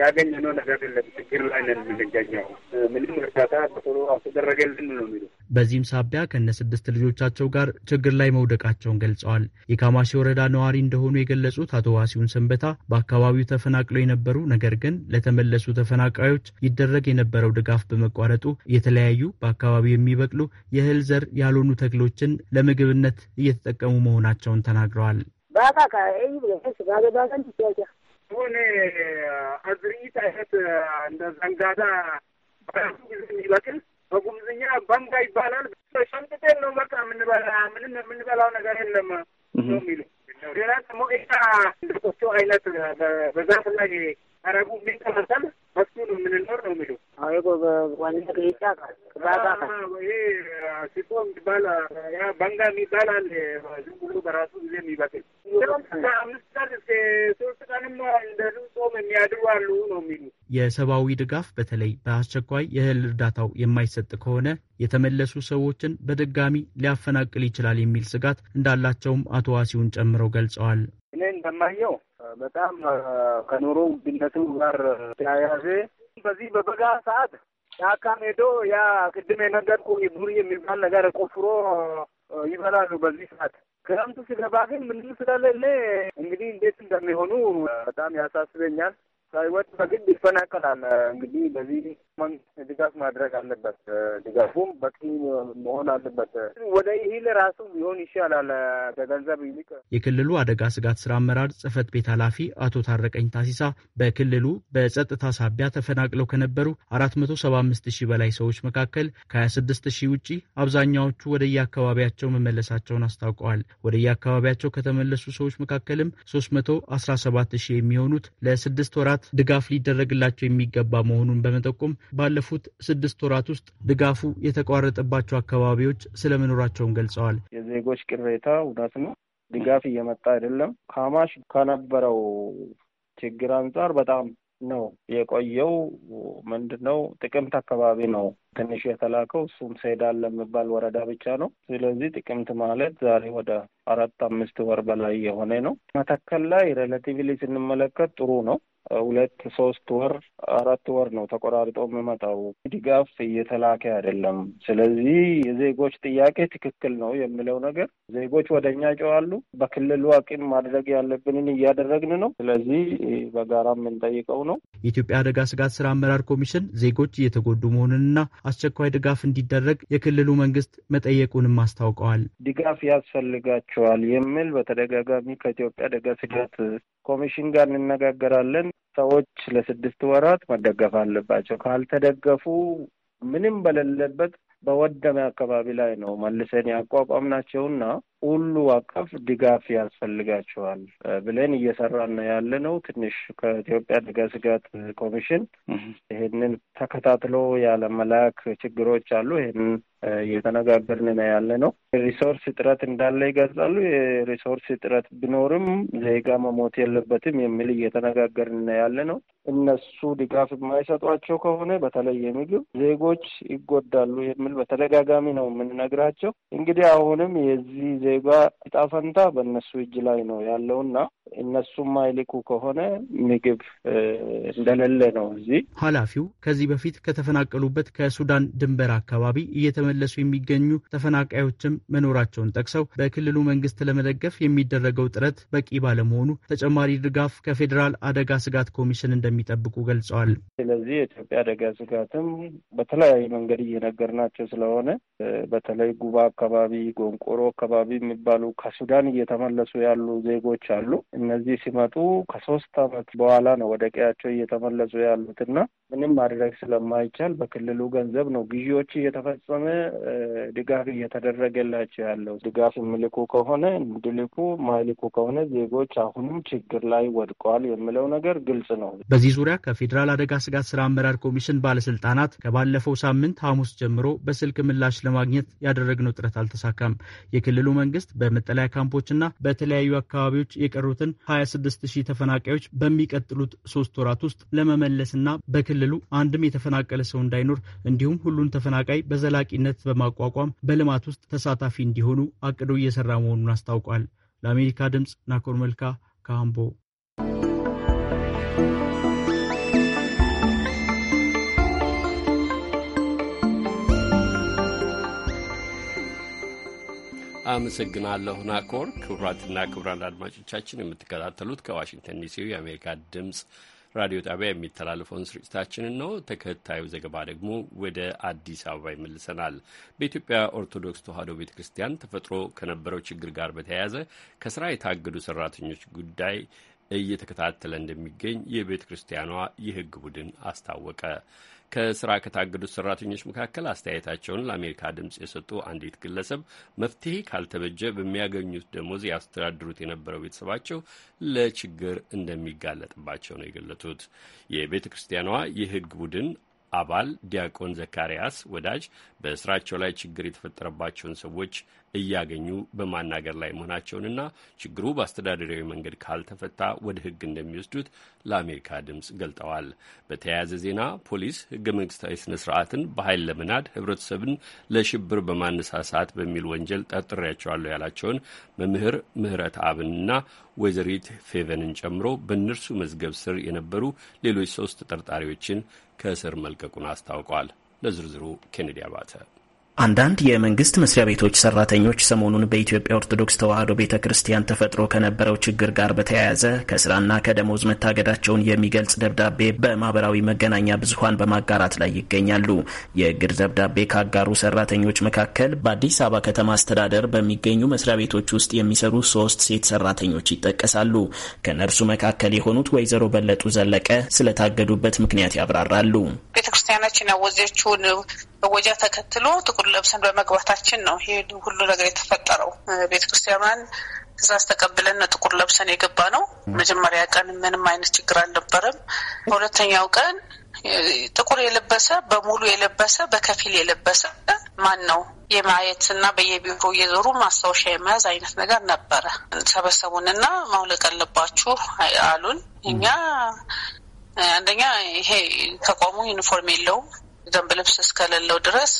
ያገኘ ነው ነገር የለም። ችግር ላይ ነን የምንገኘው። ምንም እርዳታ በቶሎ አልተደረገልን ነው የሚሉ በዚህም ሳቢያ ከነ ስድስት ልጆቻቸው ጋር ችግር ላይ መውደቃቸውን ገልጸዋል። የካማሺ ወረዳ ነዋሪ እንደሆኑ የገለጹት አቶ ዋሲሁን ሰንበታ በአካባቢው ተፈናቅለው የነበሩ ነገር ግን ለተመለሱ ተፈናቃዮች ይደረግ የነበረው ድጋፍ በመቋረጡ የተለያዩ በአካባቢው የሚበቅሉ የእህል ዘር ያልሆኑ ተክሎችን ለምግብነት እየተጠቀሙ መሆናቸውን ተናግረዋል። አሁን አዝርዕት አይነት እንደ ዘንጋዳ በራሱ ጊዜ የሚበቅል በጉምዝኛ በንጋ ይባላል። ነው በቃ የምንበላ ምንም የምንበላው ነገር የለም ነው የሚሉ ሌላ ደግሞ ያ እንደ አይነት በዛፍ ላይ አረጉ የሚንጠለጠል በሱ ነው የምንኖር ነው የሚሉ ሲቶም ይባል ባንጋ የሚባል አለ። ዝም ብሎ በራሱ ጊዜ የሚበቅል አምስት ቀን እስከ ሶስት ቀንም እንደዚሁ ጾም የሚያድሩ አሉ ነው የሚሉ የሰብአዊ ድጋፍ በተለይ በአስቸኳይ የእህል እርዳታው የማይሰጥ ከሆነ የተመለሱ ሰዎችን በድጋሚ ሊያፈናቅል ይችላል የሚል ስጋት እንዳላቸውም አቶ ዋሲውን ጨምረው ገልጸዋል። እኔ እንደማየው በጣም ከኑሮ ውድነቱ ጋር ተያያዘ በዚህ በበጋ ሰዓት ጫካም ሄዶ ያ ቅድም የነገርኩ ቡሪ የሚባል ነገር ቆፍሮ ይበላሉ። በዚህ ሰዓት ክረምቱ ሲገባ ግን ምንም ስለሌለ እንግዲህ እንዴት እንደሚሆኑ በጣም ያሳስበኛል። ሳይወጥ በግድ ይፈናቀላል። እንግዲህ በዚህ መንግስት ድጋፍ ማድረግ አለበት። ድጋፉም በቂ መሆን አለበት። ወደ ይህል ራሱ ቢሆን ይሻላል በገንዘብ ይልቅ። የክልሉ አደጋ ስጋት ስራ አመራር ጽህፈት ቤት ኃላፊ አቶ ታረቀኝ ታሲሳ በክልሉ በጸጥታ ሳቢያ ተፈናቅለው ከነበሩ 475 ሺህ በላይ ሰዎች መካከል ከ26 ሺህ ውጪ አብዛኛዎቹ ወደየአካባቢያቸው መመለሳቸውን አስታውቀዋል። የአካባቢያቸው ከተመለሱ ሰዎች መካከልም 317 ሺህ የሚሆኑት ለስድስት ወራት ድጋፍ ሊደረግላቸው የሚገባ መሆኑን በመጠቆም ባለፉት ስድስት ወራት ውስጥ ድጋፉ የተቋረጠባቸው አካባቢዎች ስለመኖራቸውን ገልጸዋል። የዜጎች ቅሬታ እውነት ነው። ድጋፍ እየመጣ አይደለም። ካማሽ ከነበረው ችግር አንጻር በጣም ነው የቆየው። ምንድን ነው ጥቅምት አካባቢ ነው ትንሽ የተላከው እሱም ሴዳን ለሚባል ወረዳ ብቻ ነው። ስለዚህ ጥቅምት ማለት ዛሬ ወደ አራት አምስት ወር በላይ የሆነ ነው። መተከል ላይ ሬላቲቭሊ ስንመለከት ጥሩ ነው። ሁለት ሶስት ወር አራት ወር ነው ተቆራርጦ የሚመጣው። ድጋፍ እየተላከ አይደለም። ስለዚህ የዜጎች ጥያቄ ትክክል ነው የሚለው ነገር ዜጎች ወደ እኛ ጨዋሉ። በክልሉ አቅም ማድረግ ያለብንን እያደረግን ነው። ስለዚህ በጋራ የምንጠይቀው ነው። የኢትዮጵያ አደጋ ስጋት ስራ አመራር ኮሚሽን ዜጎች እየተጎዱ መሆኑንና አስቸኳይ ድጋፍ እንዲደረግ የክልሉ መንግስት መጠየቁንም አስታውቀዋል። ድጋፍ ያስፈልጋቸዋል የሚል በተደጋጋሚ ከኢትዮጵያ አደጋ ስጋት ኮሚሽን ጋር እንነጋገራለን። ሰዎች ለስድስት ወራት መደገፍ አለባቸው። ካልተደገፉ ምንም በሌለበት በወደመ አካባቢ ላይ ነው መልሰን ያቋቋምናቸውና ሁሉ አቀፍ ድጋፍ ያስፈልጋቸዋል ብለን እየሰራን ያለ ነው። ትንሽ ከኢትዮጵያ አደጋ ስጋት ኮሚሽን ይሄንን ተከታትሎ ያለመላክ ችግሮች አሉ። ይሄንን እየተነጋገርን ነው ያለ ነው። ሪሶርስ እጥረት እንዳለ ይገልጻሉ። የሪሶርስ እጥረት ቢኖርም ዜጋ መሞት የለበትም የሚል እየተነጋገርን ነው ያለ ነው። እነሱ ድጋፍ የማይሰጧቸው ከሆነ በተለይ የምግብ ዜጎች ይጎዳሉ የሚል በተደጋጋሚ ነው የምንነግራቸው። እንግዲህ አሁንም የዚህ ዜጋ ጣፈንታ ፈንታ በእነሱ እጅ ላይ ነው ያለውና እነሱም ማይልኩ ከሆነ ምግብ እንደሌለ ነው እዚህ። ኃላፊው ከዚህ በፊት ከተፈናቀሉበት ከሱዳን ድንበር አካባቢ እየተመለሱ የሚገኙ ተፈናቃዮችም መኖራቸውን ጠቅሰው በክልሉ መንግስት ለመደገፍ የሚደረገው ጥረት በቂ ባለመሆኑ ተጨማሪ ድጋፍ ከፌዴራል አደጋ ስጋት ኮሚሽን እንደሚጠብቁ ገልጸዋል። ስለዚህ የኢትዮጵያ አደጋ ስጋትም በተለያዩ መንገድ እየነገርናቸው ስለሆነ በተለይ ጉባ አካባቢ፣ ጎንቆሮ አካባቢ የሚባሉ ከሱዳን እየተመለሱ ያሉ ዜጎች አሉ። እነዚህ ሲመጡ ከሶስት አመት በኋላ ነው ወደ ቀያቸው እየተመለሱ ያሉት እና ምንም ማድረግ ስለማይቻል በክልሉ ገንዘብ ነው ግዢዎች እየተፈጸመ ድጋፍ እየተደረገላቸው ያለው። ድጋፍ የሚልኩ ከሆነ እንዲልኩ፣ ማይልኩ ከሆነ ዜጎች አሁንም ችግር ላይ ወድቀዋል የሚለው ነገር ግልጽ ነው። በዚህ ዙሪያ ከፌዴራል አደጋ ስጋት ስራ አመራር ኮሚሽን ባለስልጣናት ከባለፈው ሳምንት ሐሙስ ጀምሮ በስልክ ምላሽ ለማግኘት ያደረግነው ጥረት አልተሳካም። የክልሉ መንግስት በመጠለያ ካምፖችና በተለያዩ አካባቢዎች የቀሩትን 26 ሺህ ተፈናቃዮች በሚቀጥሉት ሶስት ወራት ውስጥ ለመመለስና በክልሉ አንድም የተፈናቀለ ሰው እንዳይኖር እንዲሁም ሁሉን ተፈናቃይ በዘላቂነት በማቋቋም በልማት ውስጥ ተሳታፊ እንዲሆኑ አቅዶ እየሰራ መሆኑን አስታውቋል። ለአሜሪካ ድምፅ ናኮር መልካ ካምቦ አመሰግናለሁ ናኮር። ክቡራትና ክቡራን አድማጮቻችን የምትከታተሉት ከዋሽንግተን ዲሲው የአሜሪካ ድምፅ ራዲዮ ጣቢያ የሚተላለፈውን ስርጭታችንን ነው። ተከታዩ ዘገባ ደግሞ ወደ አዲስ አበባ ይመልሰናል። በኢትዮጵያ ኦርቶዶክስ ተዋሕዶ ቤተ ክርስቲያን ተፈጥሮ ከነበረው ችግር ጋር በተያያዘ ከስራ የታገዱ ሰራተኞች ጉዳይ እየተከታተለ እንደሚገኝ የቤተ ክርስቲያኗ የህግ ቡድን አስታወቀ። ከስራ ከታገዱት ሰራተኞች መካከል አስተያየታቸውን ለአሜሪካ ድምፅ የሰጡ አንዲት ግለሰብ መፍትሄ ካልተበጀ በሚያገኙት ደሞዝ ያስተዳድሩት የነበረው ቤተሰባቸው ለችግር እንደሚጋለጥባቸው ነው የገለጡት። የቤተ ክርስቲያኗ የህግ ቡድን አባል ዲያቆን ዘካርያስ ወዳጅ በስራቸው ላይ ችግር የተፈጠረባቸውን ሰዎች እያገኙ በማናገር ላይ መሆናቸውንና ችግሩ በአስተዳደራዊ መንገድ ካልተፈታ ወደ ሕግ እንደሚወስዱት ለአሜሪካ ድምፅ ገልጠዋል። በተያያዘ ዜና ፖሊስ ሕገ መንግስታዊ ስነ ስርዓትን በኃይል ለመናድ ህብረተሰብን ለሽብር በማነሳሳት በሚል ወንጀል ጠርጥሬያቸዋለሁ ያላቸውን መምህር ምህረት አብንና ወይዘሪት ፌቨንን ጨምሮ በእነርሱ መዝገብ ስር የነበሩ ሌሎች ሶስት ተጠርጣሪዎችን ከእስር መልቀቁን አስታውቋል። ለዝርዝሩ ኬኔዲ አባተ አንዳንድ የመንግስት መስሪያ ቤቶች ሰራተኞች ሰሞኑን በኢትዮጵያ ኦርቶዶክስ ተዋሕዶ ቤተ ክርስቲያን ተፈጥሮ ከነበረው ችግር ጋር በተያያዘ ከስራና ከደሞዝ መታገዳቸውን የሚገልጽ ደብዳቤ በማህበራዊ መገናኛ ብዙኃን በማጋራት ላይ ይገኛሉ። የእግድ ደብዳቤ ካጋሩ ሰራተኞች መካከል በአዲስ አበባ ከተማ አስተዳደር በሚገኙ መስሪያ ቤቶች ውስጥ የሚሰሩ ሶስት ሴት ሰራተኞች ይጠቀሳሉ። ከነርሱ መካከል የሆኑት ወይዘሮ በለጡ ዘለቀ ስለታገዱበት ምክንያት ያብራራሉ። ቤተክርስቲያናችን ያወጀችውን መወጃ ተከትሎ ጥቁር ለብሰን በመግባታችን ነው ይህ ሁሉ ነገር የተፈጠረው። ቤተ ክርስቲያኗን ትእዛዝ ተቀብለን ጥቁር ለብሰን የገባ ነው። መጀመሪያ ቀን ምንም አይነት ችግር አልነበረም። በሁለተኛው ቀን ጥቁር የለበሰ በሙሉ የለበሰ በከፊል የለበሰ ማን ነው የማየት እና በየቢሮ እየዞሩ ማስታወሻ የመያዝ አይነት ነገር ነበረ። ሰበሰቡንና ማውለቅ አለባችሁ አሉን። እኛ አንደኛ ይሄ ተቋሙ ዩኒፎርም የለውም ደንብ ልብስ እስከሌለው ድረስ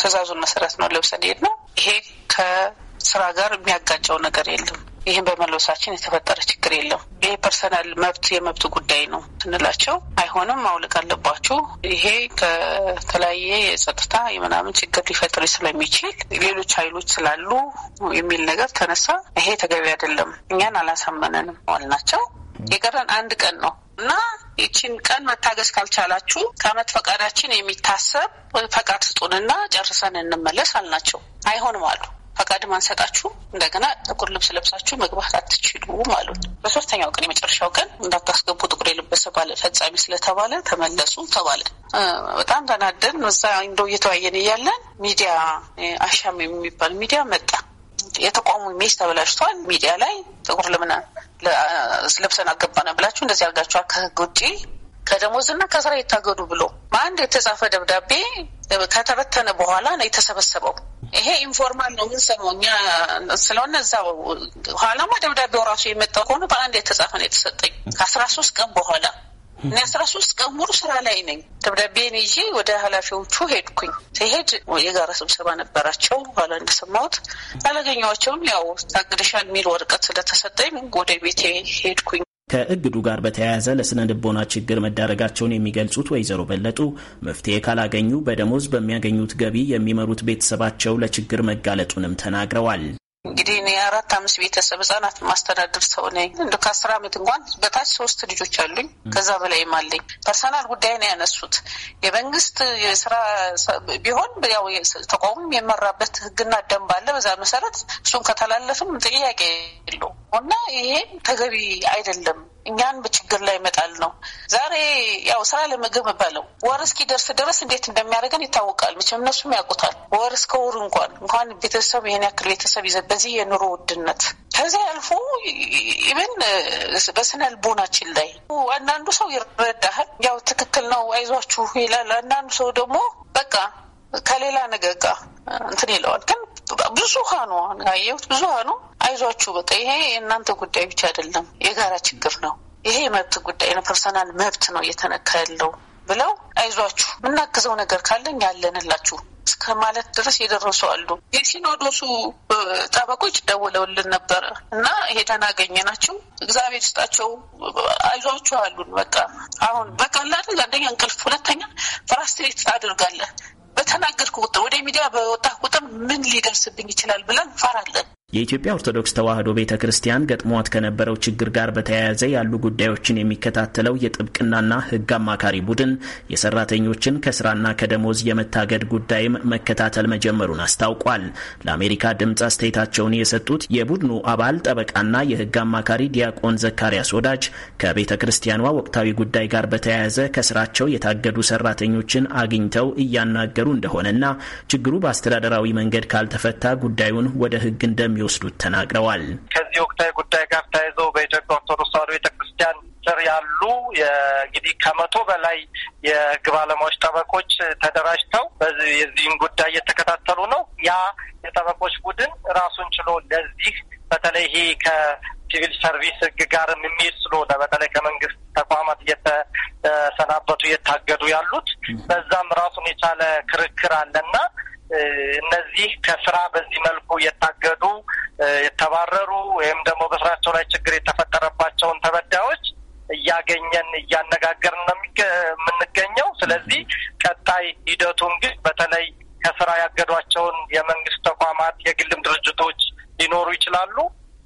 ትዕዛዙን መሰረት ነው ለብሰን ሄድ ነው። ይሄ ከስራ ጋር የሚያጋጨው ነገር የለም። ይህን በመልበሳችን የተፈጠረ ችግር የለም። ይሄ ፐርሰናል መብት የመብት ጉዳይ ነው ስንላቸው አይሆንም፣ ማውለቅ አለባችሁ፣ ይሄ ከተለያየ የጸጥታ የምናምን ችግር ሊፈጥር ስለሚችል ሌሎች ኃይሎች ስላሉ የሚል ነገር ተነሳ። ይሄ ተገቢ አይደለም፣ እኛን አላሳመነንም ዋልናቸው። የቀረን አንድ ቀን ነው እና ይችን ቀን መታገስ ካልቻላችሁ ከአመት ፈቃዳችን የሚታሰብ ፈቃድ ስጡንና ጨርሰን እንመለስ አልናቸው። አይሆንም አሉ። ፈቃድ ማንሰጣችሁ እንደገና ጥቁር ልብስ ለብሳችሁ መግባት አትችሉም አሉን። በሶስተኛው ቀን የመጨረሻው ቀን እንዳታስገቡ ጥቁር የለበሰ ባለ ፈጻሚ ስለተባለ ተመለሱ ተባለ። በጣም ተናደን እዛ እንደው እየተወያየን እያለን ሚዲያ አሻም የሚባል ሚዲያ መጣ። የተቋሙ ሜስ ተበላሽቷል። ሚዲያ ላይ ጥቁር ለምን ለብሰን አገባነ ብላችሁ እንደዚህ አድርጋችኋል ከህግ ውጪ ከደሞዝና ከስራ ይታገዱ ብሎ በአንድ የተጻፈ ደብዳቤ ከተበተነ በኋላ ነው የተሰበሰበው። ይሄ ኢንፎርማል ነው የምንሰማው እኛ ስለሆነ እዛ ኋላማ ደብዳቤው ራሱ የመጣው ከሆነ በአንድ የተጻፈ ነው የተሰጠኝ ከአስራ ሶስት ቀን በኋላ እኔ አስራ ሶስት ቀን ሙሉ ስራ ላይ ነኝ። ደብዳቤን ይዤ ወደ ኃላፊዎቹ ሄድኩኝ። ሲሄድ የጋራ ስብሰባ ነበራቸው። ኋላ እንደሰማሁት አላገኘኋቸውም። ያው ታግደሻል የሚል ወረቀት ስለተሰጠኝ ወደ ቤቴ ሄድኩኝ። ከእግዱ ጋር በተያያዘ ለስነ ልቦና ችግር መዳረጋቸውን የሚገልጹት ወይዘሮ በለጡ መፍትሄ ካላገኙ በደሞዝ በሚያገኙት ገቢ የሚመሩት ቤተሰባቸው ለችግር መጋለጡንም ተናግረዋል። እንግዲህ እኔ አራት አምስት ቤተሰብ ህጻናት ማስተዳደር ሰው ነኝ። እንደ ከአስር አመት እንኳን በታች ሶስት ልጆች አሉኝ፣ ከዛ በላይም አለኝ። ፐርሰናል ጉዳይ ነው ያነሱት። የመንግስት የስራ ቢሆን ያው ተቋሙም የመራበት ህግና ደንብ አለ። በዛ መሰረት እሱን ከተላለፍም ጥያቄ የለው እና ይሄም ተገቢ አይደለም። እኛን በችግር ላይ ይመጣል ነው። ዛሬ ያው ስራ ለምግብ ባለው ወር እስኪደርስ ድረስ እንዴት እንደሚያደርገን ይታወቃል። መቼም እነሱም ያውቁታል። ወር እስከ ወሩ እንኳን እንኳን ቤተሰብ ይህን ያክል ቤተሰብ ይዘ በዚህ የኑሮ ውድነት ከዚህ አልፎ ኢቨን በስነ ልቦናችን ላይ አንዳንዱ ሰው ይረዳሃል፣ ያው ትክክል ነው አይዟችሁ ይላል። አንዳንዱ ሰው ደግሞ በቃ ከሌላ ነገር ጋር እንትን ይለዋል ግን ብዙሃኑ አሁን ያየሁት ብዙሃኑ አይዟችሁ፣ በቃ ይሄ የእናንተ ጉዳይ ብቻ አይደለም፣ የጋራ ችግር ነው፣ ይሄ የመብት ጉዳይ ነው፣ ፐርሰናል መብት ነው እየተነካ ያለው ብለው አይዟችሁ፣ የምናግዘው ነገር ካለን ያለንላችሁ እስከ ማለት ድረስ የደረሱ አሉ። የሲኖዶሱ ጠበቆች ደውለውልን ነበረ እና ሄደን አገኘናቸው። እግዚአብሔር ስጣቸው አይዟችሁ አሉን። በቃ አሁን በቃ አንደኛ እንቅልፍ፣ ሁለተኛ ፍራስትሬት አድርጋለን በተናገርኩ ቁጥር ወደ ሚዲያ በወጣ ቁጥር ምን ሊደርስብኝ ይችላል ብለን ፈራለን። የኢትዮጵያ ኦርቶዶክስ ተዋሕዶ ቤተ ክርስቲያን ገጥሟት ከነበረው ችግር ጋር በተያያዘ ያሉ ጉዳዮችን የሚከታተለው የጥብቅናና ሕግ አማካሪ ቡድን የሰራተኞችን ከስራና ከደሞዝ የመታገድ ጉዳይም መከታተል መጀመሩን አስታውቋል። ለአሜሪካ ድምፅ አስተያየታቸውን የሰጡት የቡድኑ አባል ጠበቃና የሕግ አማካሪ ዲያቆን ዘካርያስ ወዳጅ ከቤተ ክርስቲያኗ ወቅታዊ ጉዳይ ጋር በተያያዘ ከስራቸው የታገዱ ሰራተኞችን አግኝተው እያናገሩ እንደሆነና ችግሩ በአስተዳደራዊ መንገድ ካልተፈታ ጉዳዩን ወደ ሕግ እንደሚ እንደሚወስዱት ተናግረዋል። ከዚህ ወቅታዊ ጉዳይ ጋር ተያይዞ በኢትዮጵያ ኦርቶዶክስ ተዋህዶ ቤተክርስቲያን ስር ያሉ እንግዲህ ከመቶ በላይ የህግ ባለሙያዎች ጠበቆች ተደራጅተው የዚህን ጉዳይ እየተከታተሉ ነው። ያ የጠበቆች ቡድን ራሱን ችሎ ለዚህ በተለይ ይሄ ከሲቪል ሰርቪስ ህግ ጋር የሚሄድ ስለሆነ በተለይ ከመንግስት ተቋማት እየተሰናበቱ እየታገዱ ያሉት በዛም ራሱን የቻለ ክርክር አለና እነዚህ ከስራ በዚህ መልኩ የታገዱ የተባረሩ ወይም ደግሞ በስራቸው ላይ ችግር የተፈጠረባቸውን ተበዳዮች እያገኘን እያነጋገርን ነው የምንገኘው። ስለዚህ ቀጣይ ሂደቱን ግን በተለይ ከስራ ያገዷቸውን የመንግስት ተቋማት የግልም ድርጅቶች ሊኖሩ ይችላሉ።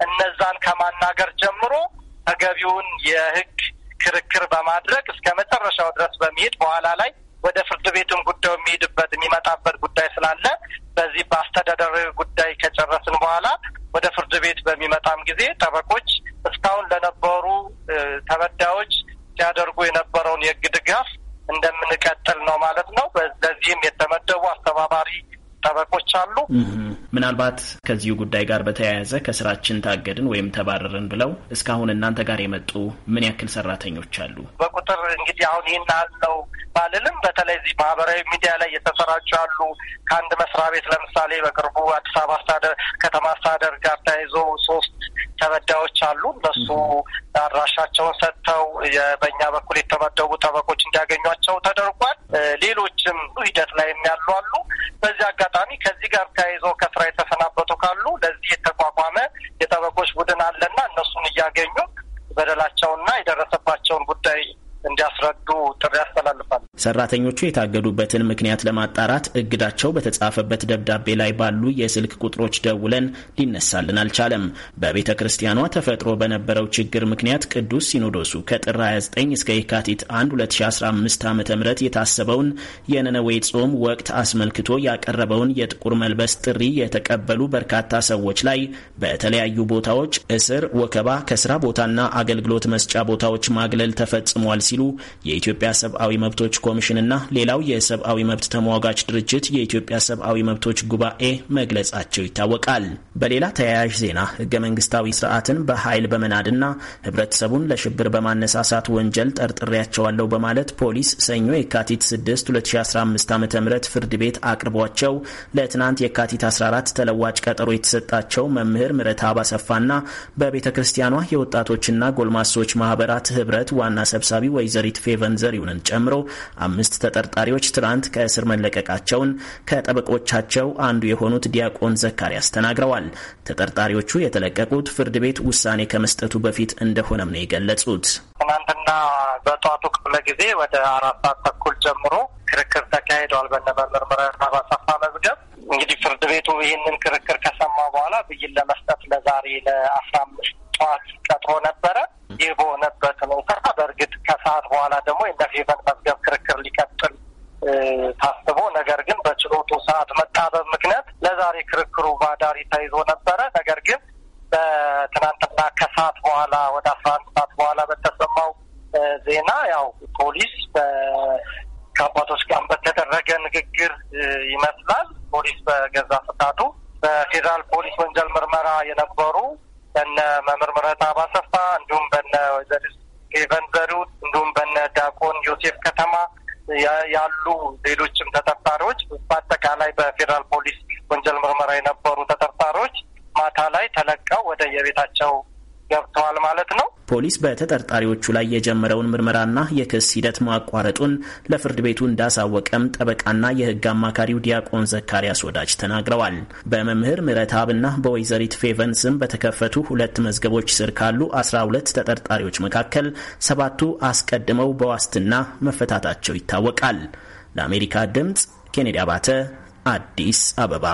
እነዛን ከማናገር ጀምሮ ተገቢውን የህግ ክርክር በማድረግ እስከ መጨረሻው ድረስ በመሄድ በኋላ ላይ ወደ ፍርድ ቤቱን ጉዳዩ የሚሄድበት የሚመጣበት ጉዳይ ስላለ በዚህ በአስተዳደራዊ ጉዳይ ከጨረስን በኋላ ወደ ፍርድ ቤት በሚመጣም ጊዜ ጠበቆች እስካሁን ለነበሩ ተበዳዮች ሲያደርጉ የነበረውን የሕግ ድጋፍ እንደምንቀጥል ነው ማለት ነው። ለዚህም የተመደቡ አስተባባሪ ጠበቆች አሉ። ምናልባት ከዚሁ ጉዳይ ጋር በተያያዘ ከስራችን ታገድን ወይም ተባረርን ብለው እስካሁን እናንተ ጋር የመጡ ምን ያክል ሰራተኞች አሉ? በቁጥር እንግዲህ አሁን ይህን አልልም። በተለይ እዚህ ማህበራዊ ሚዲያ ላይ የተሰራጩ ያሉ ከአንድ መስሪያ ቤት ለምሳሌ በቅርቡ አዲስ አበባ አስተዳደር ከተማ አስተዳደር ጋር ተያይዞ ሶስት ተበዳዮች አሉ። እነሱ አድራሻቸውን ሰጥተው በእኛ በኩል የተመደቡ ጠበቆች እንዲያገኟቸው ተደርጓል። ሌሎችም ሂደት ላይም ያሉ አሉ። በዚህ አጋጣሚ ከዚህ ጋር ተያይዞ ከ ሰራተኞቹ የታገዱበትን ምክንያት ለማጣራት እግዳቸው በተጻፈበት ደብዳቤ ላይ ባሉ የስልክ ቁጥሮች ደውለን ሊነሳልን አልቻለም። በቤተ ክርስቲያኗ ተፈጥሮ በነበረው ችግር ምክንያት ቅዱስ ሲኖዶሱ ከጥር 29 እስከ የካቲት 1 2015 ዓ ም የታሰበውን የነነዌ ጾም ወቅት አስመልክቶ ያቀረበውን የጥቁር መልበስ ጥሪ የተቀበሉ በርካታ ሰዎች ላይ በተለያዩ ቦታዎች እስር፣ ወከባ፣ ከስራ ቦታና አገልግሎት መስጫ ቦታዎች ማግለል ተፈጽሟል ሲሉ የኢትዮጵያ ሰብአዊ መብቶች ኮሚሽንና ሌላው የሰብአዊ መብት ተሟጋች ድርጅት የኢትዮጵያ ሰብአዊ መብቶች ጉባኤ መግለጻቸው ይታወቃል። በሌላ ተያያዥ ዜና ህገ መንግስታዊ ስርዓትን በኃይል በመናድና ህብረተሰቡን ለሽብር በማነሳሳት ወንጀል ጠርጥሬያቸዋለሁ በማለት ፖሊስ ሰኞ የካቲት 6 2015 ዓ ም ፍርድ ቤት አቅርቧቸው ለትናንት የካቲት 14 ተለዋጭ ቀጠሮ የተሰጣቸው መምህር ምረትአብ አሰፋና በቤተ ክርስቲያኗ የወጣቶችና ጎልማሶች ማህበራት ህብረት ዋና ሰብሳቢ ወይዘሪት ፌቨን ዘሪሁንን ጨምሮ አምስት ተጠርጣሪዎች ትናንት ከእስር መለቀቃቸውን ከጠበቆቻቸው አንዱ የሆኑት ዲያቆን ዘካሪ ተናግረዋል። ተጠርጣሪዎቹ የተለቀቁት ፍርድ ቤት ውሳኔ ከመስጠቱ በፊት እንደሆነም ነው የገለጹት። ትናንትና በጠዋቱ ክፍለ ጊዜ ወደ አራት ሰዓት ተኩል ጀምሮ ክርክር ተካሂደዋል። በነበርምር ምረና ባሰፋ መዝገብ እንግዲህ ፍርድ ቤቱ ይህንን ክርክር ከሰማ በኋላ ብይን ለመስጠት ለዛሬ ለአስራ አምስት ጠዋት ቀጥሮ ነበረ። ይህ በሆነበት ሁኔታ በእርግጥ ከሰዓት በኋላ ደግሞ የነፌቨን መዝገብ ክርክር ሊቀጥል ታስቦ ነገር ግን በችሎቱ ሰዓት መጣበብ ምክንያት ለዛሬ ክርክሩ ባዳሪ ተይዞ ነበረ። ነገር ግን በትናንትና ከሰዓት በኋላ ወደ አስራ አንድ ሰዓት በኋላ በተሰማው ዜና ያው ፖሊስ ከአባቶች ጋር በተደረገ ንግግር ይመስላል ፖሊስ በገዛ ፍቃዱ በፌዴራል ፖሊስ ወንጀል ምርመራ የነበሩ በነ መምህር ምህረተአብ አሰፋ እንዲሁም በነ ዘሪስ ጌቨን ዘሪው እንዲሁም በነ ዲያቆን ዮሴፍ ከተማ ያሉ ሌሎችም ተጠርጣሪዎች በአጠቃላይ በፌዴራል ፖሊስ ወንጀል ምርመራ የነበሩ ተጠርጣሪዎች ማታ ላይ ተለቀው ወደ የቤታቸው ገብተዋል ማለት ነው። ፖሊስ በተጠርጣሪዎቹ ላይ የጀመረውን ምርመራና የክስ ሂደት ማቋረጡን ለፍርድ ቤቱ እንዳሳወቀም ጠበቃና የህግ አማካሪው ዲያቆን ዘካሪያስ ወዳጅ ተናግረዋል። በመምህር አብና በወይዘሪት ፌቨን ስም በተከፈቱ ሁለት መዝገቦች ስር ካሉ 12 ተጠርጣሪዎች መካከል ሰባቱ አስቀድመው በዋስትና መፈታታቸው ይታወቃል። ለአሜሪካ ድምፅ ኬኔዲ አባተ አዲስ አበባ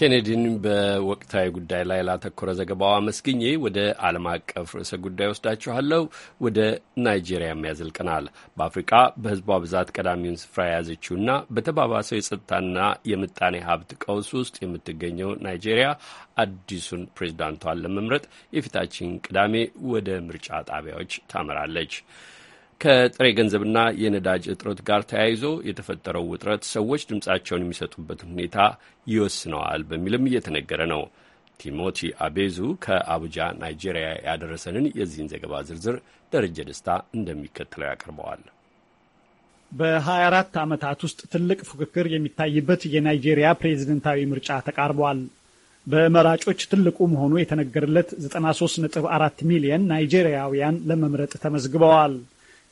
ኬኔዲን በወቅታዊ ጉዳይ ላይ ላተኮረ ዘገባው አመስግኜ ወደ ዓለም አቀፍ ርዕሰ ጉዳይ ወስዳችኋለሁ። ወደ ናይጄሪያም ያዘልቀናል። በአፍሪቃ በህዝቧ ብዛት ቀዳሚውን ስፍራ የያዘችውና በተባባሰው የጸጥታና የምጣኔ ሀብት ቀውስ ውስጥ የምትገኘው ናይጄሪያ አዲሱን ፕሬዚዳንቷን ለመምረጥ የፊታችን ቅዳሜ ወደ ምርጫ ጣቢያዎች ታመራለች። ከጥሬ ገንዘብና የነዳጅ እጥረት ጋር ተያይዞ የተፈጠረው ውጥረት ሰዎች ድምፃቸውን የሚሰጡበትን ሁኔታ ይወስነዋል በሚልም እየተነገረ ነው። ቲሞቲ አቤዙ ከአቡጃ ናይጄሪያ ያደረሰንን የዚህን ዘገባ ዝርዝር ደረጀ ደስታ እንደሚከተለው ያቀርበዋል። በ24 ዓመታት ውስጥ ትልቅ ፉክክር የሚታይበት የናይጄሪያ ፕሬዝደንታዊ ምርጫ ተቃርቧል። በመራጮች ትልቁ መሆኑ የተነገረለት 93.4 ሚሊየን ናይጄሪያውያን ለመምረጥ ተመዝግበዋል።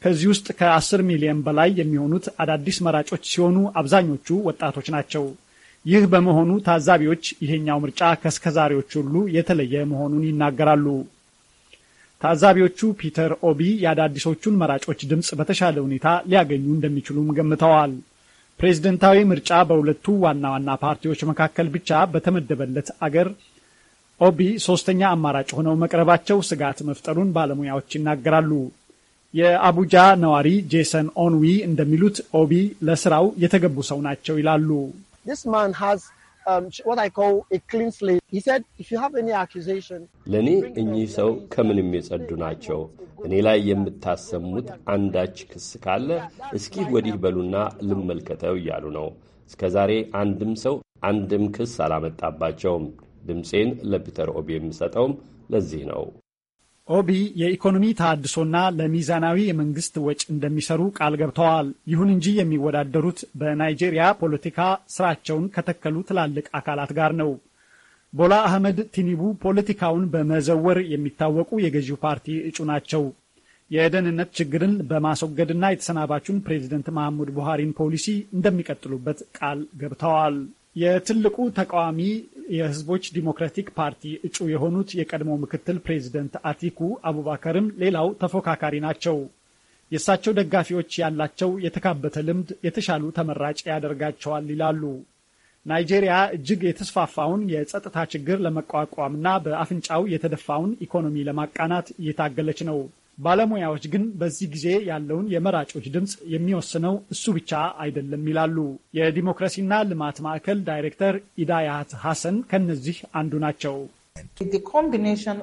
ከዚህ ውስጥ ከ10 ሚሊዮን በላይ የሚሆኑት አዳዲስ መራጮች ሲሆኑ አብዛኞቹ ወጣቶች ናቸው። ይህ በመሆኑ ታዛቢዎች ይሄኛው ምርጫ ከእስከዛሬዎች ሁሉ የተለየ መሆኑን ይናገራሉ። ታዛቢዎቹ ፒተር ኦቢ የአዳዲሶቹን መራጮች ድምፅ በተሻለ ሁኔታ ሊያገኙ እንደሚችሉም ገምተዋል። ፕሬዝደንታዊ ምርጫ በሁለቱ ዋና ዋና ፓርቲዎች መካከል ብቻ በተመደበለት አገር ኦቢ ሶስተኛ አማራጭ ሆነው መቅረባቸው ስጋት መፍጠሩን ባለሙያዎች ይናገራሉ። የአቡጃ ነዋሪ ጄሰን ኦንዊ እንደሚሉት ኦቢ ለስራው የተገቡ ሰው ናቸው ይላሉ። um, ለእኔ እኚህ ሰው ከምንም የጸዱ ናቸው። እኔ ላይ የምታሰሙት አንዳች ክስ ካለ እስኪ ወዲህ በሉና ልመልከተው እያሉ ነው። እስከ ዛሬ አንድም ሰው አንድም ክስ አላመጣባቸውም። ድምፄን ለፒተር ኦቢ የምሰጠውም ለዚህ ነው። ኦቢ የኢኮኖሚ ታድሶና ለሚዛናዊ የመንግስት ወጪ እንደሚሰሩ ቃል ገብተዋል። ይሁን እንጂ የሚወዳደሩት በናይጄሪያ ፖለቲካ ስራቸውን ከተከሉ ትላልቅ አካላት ጋር ነው። ቦላ አህመድ ቲኒቡ ፖለቲካውን በመዘወር የሚታወቁ የገዢው ፓርቲ እጩ ናቸው። የደህንነት ችግርን በማስወገድና የተሰናባቹን ፕሬዚደንት መሐሙድ ቡሃሪን ፖሊሲ እንደሚቀጥሉበት ቃል ገብተዋል። የትልቁ ተቃዋሚ የህዝቦች ዲሞክራቲክ ፓርቲ እጩ የሆኑት የቀድሞ ምክትል ፕሬዚደንት አቲኩ አቡባከርም ሌላው ተፎካካሪ ናቸው። የእሳቸው ደጋፊዎች ያላቸው የተካበተ ልምድ የተሻሉ ተመራጭ ያደርጋቸዋል ይላሉ። ናይጄሪያ እጅግ የተስፋፋውን የጸጥታ ችግር ለመቋቋምና በአፍንጫው የተደፋውን ኢኮኖሚ ለማቃናት እየታገለች ነው። ባለሙያዎች ግን በዚህ ጊዜ ያለውን የመራጮች ድምፅ የሚወስነው እሱ ብቻ አይደለም ይላሉ። የዲሞክራሲና ልማት ማዕከል ዳይሬክተር ኢዳያት ሐሰን ከነዚህ አንዱ ናቸው። ኮምቢኔሽን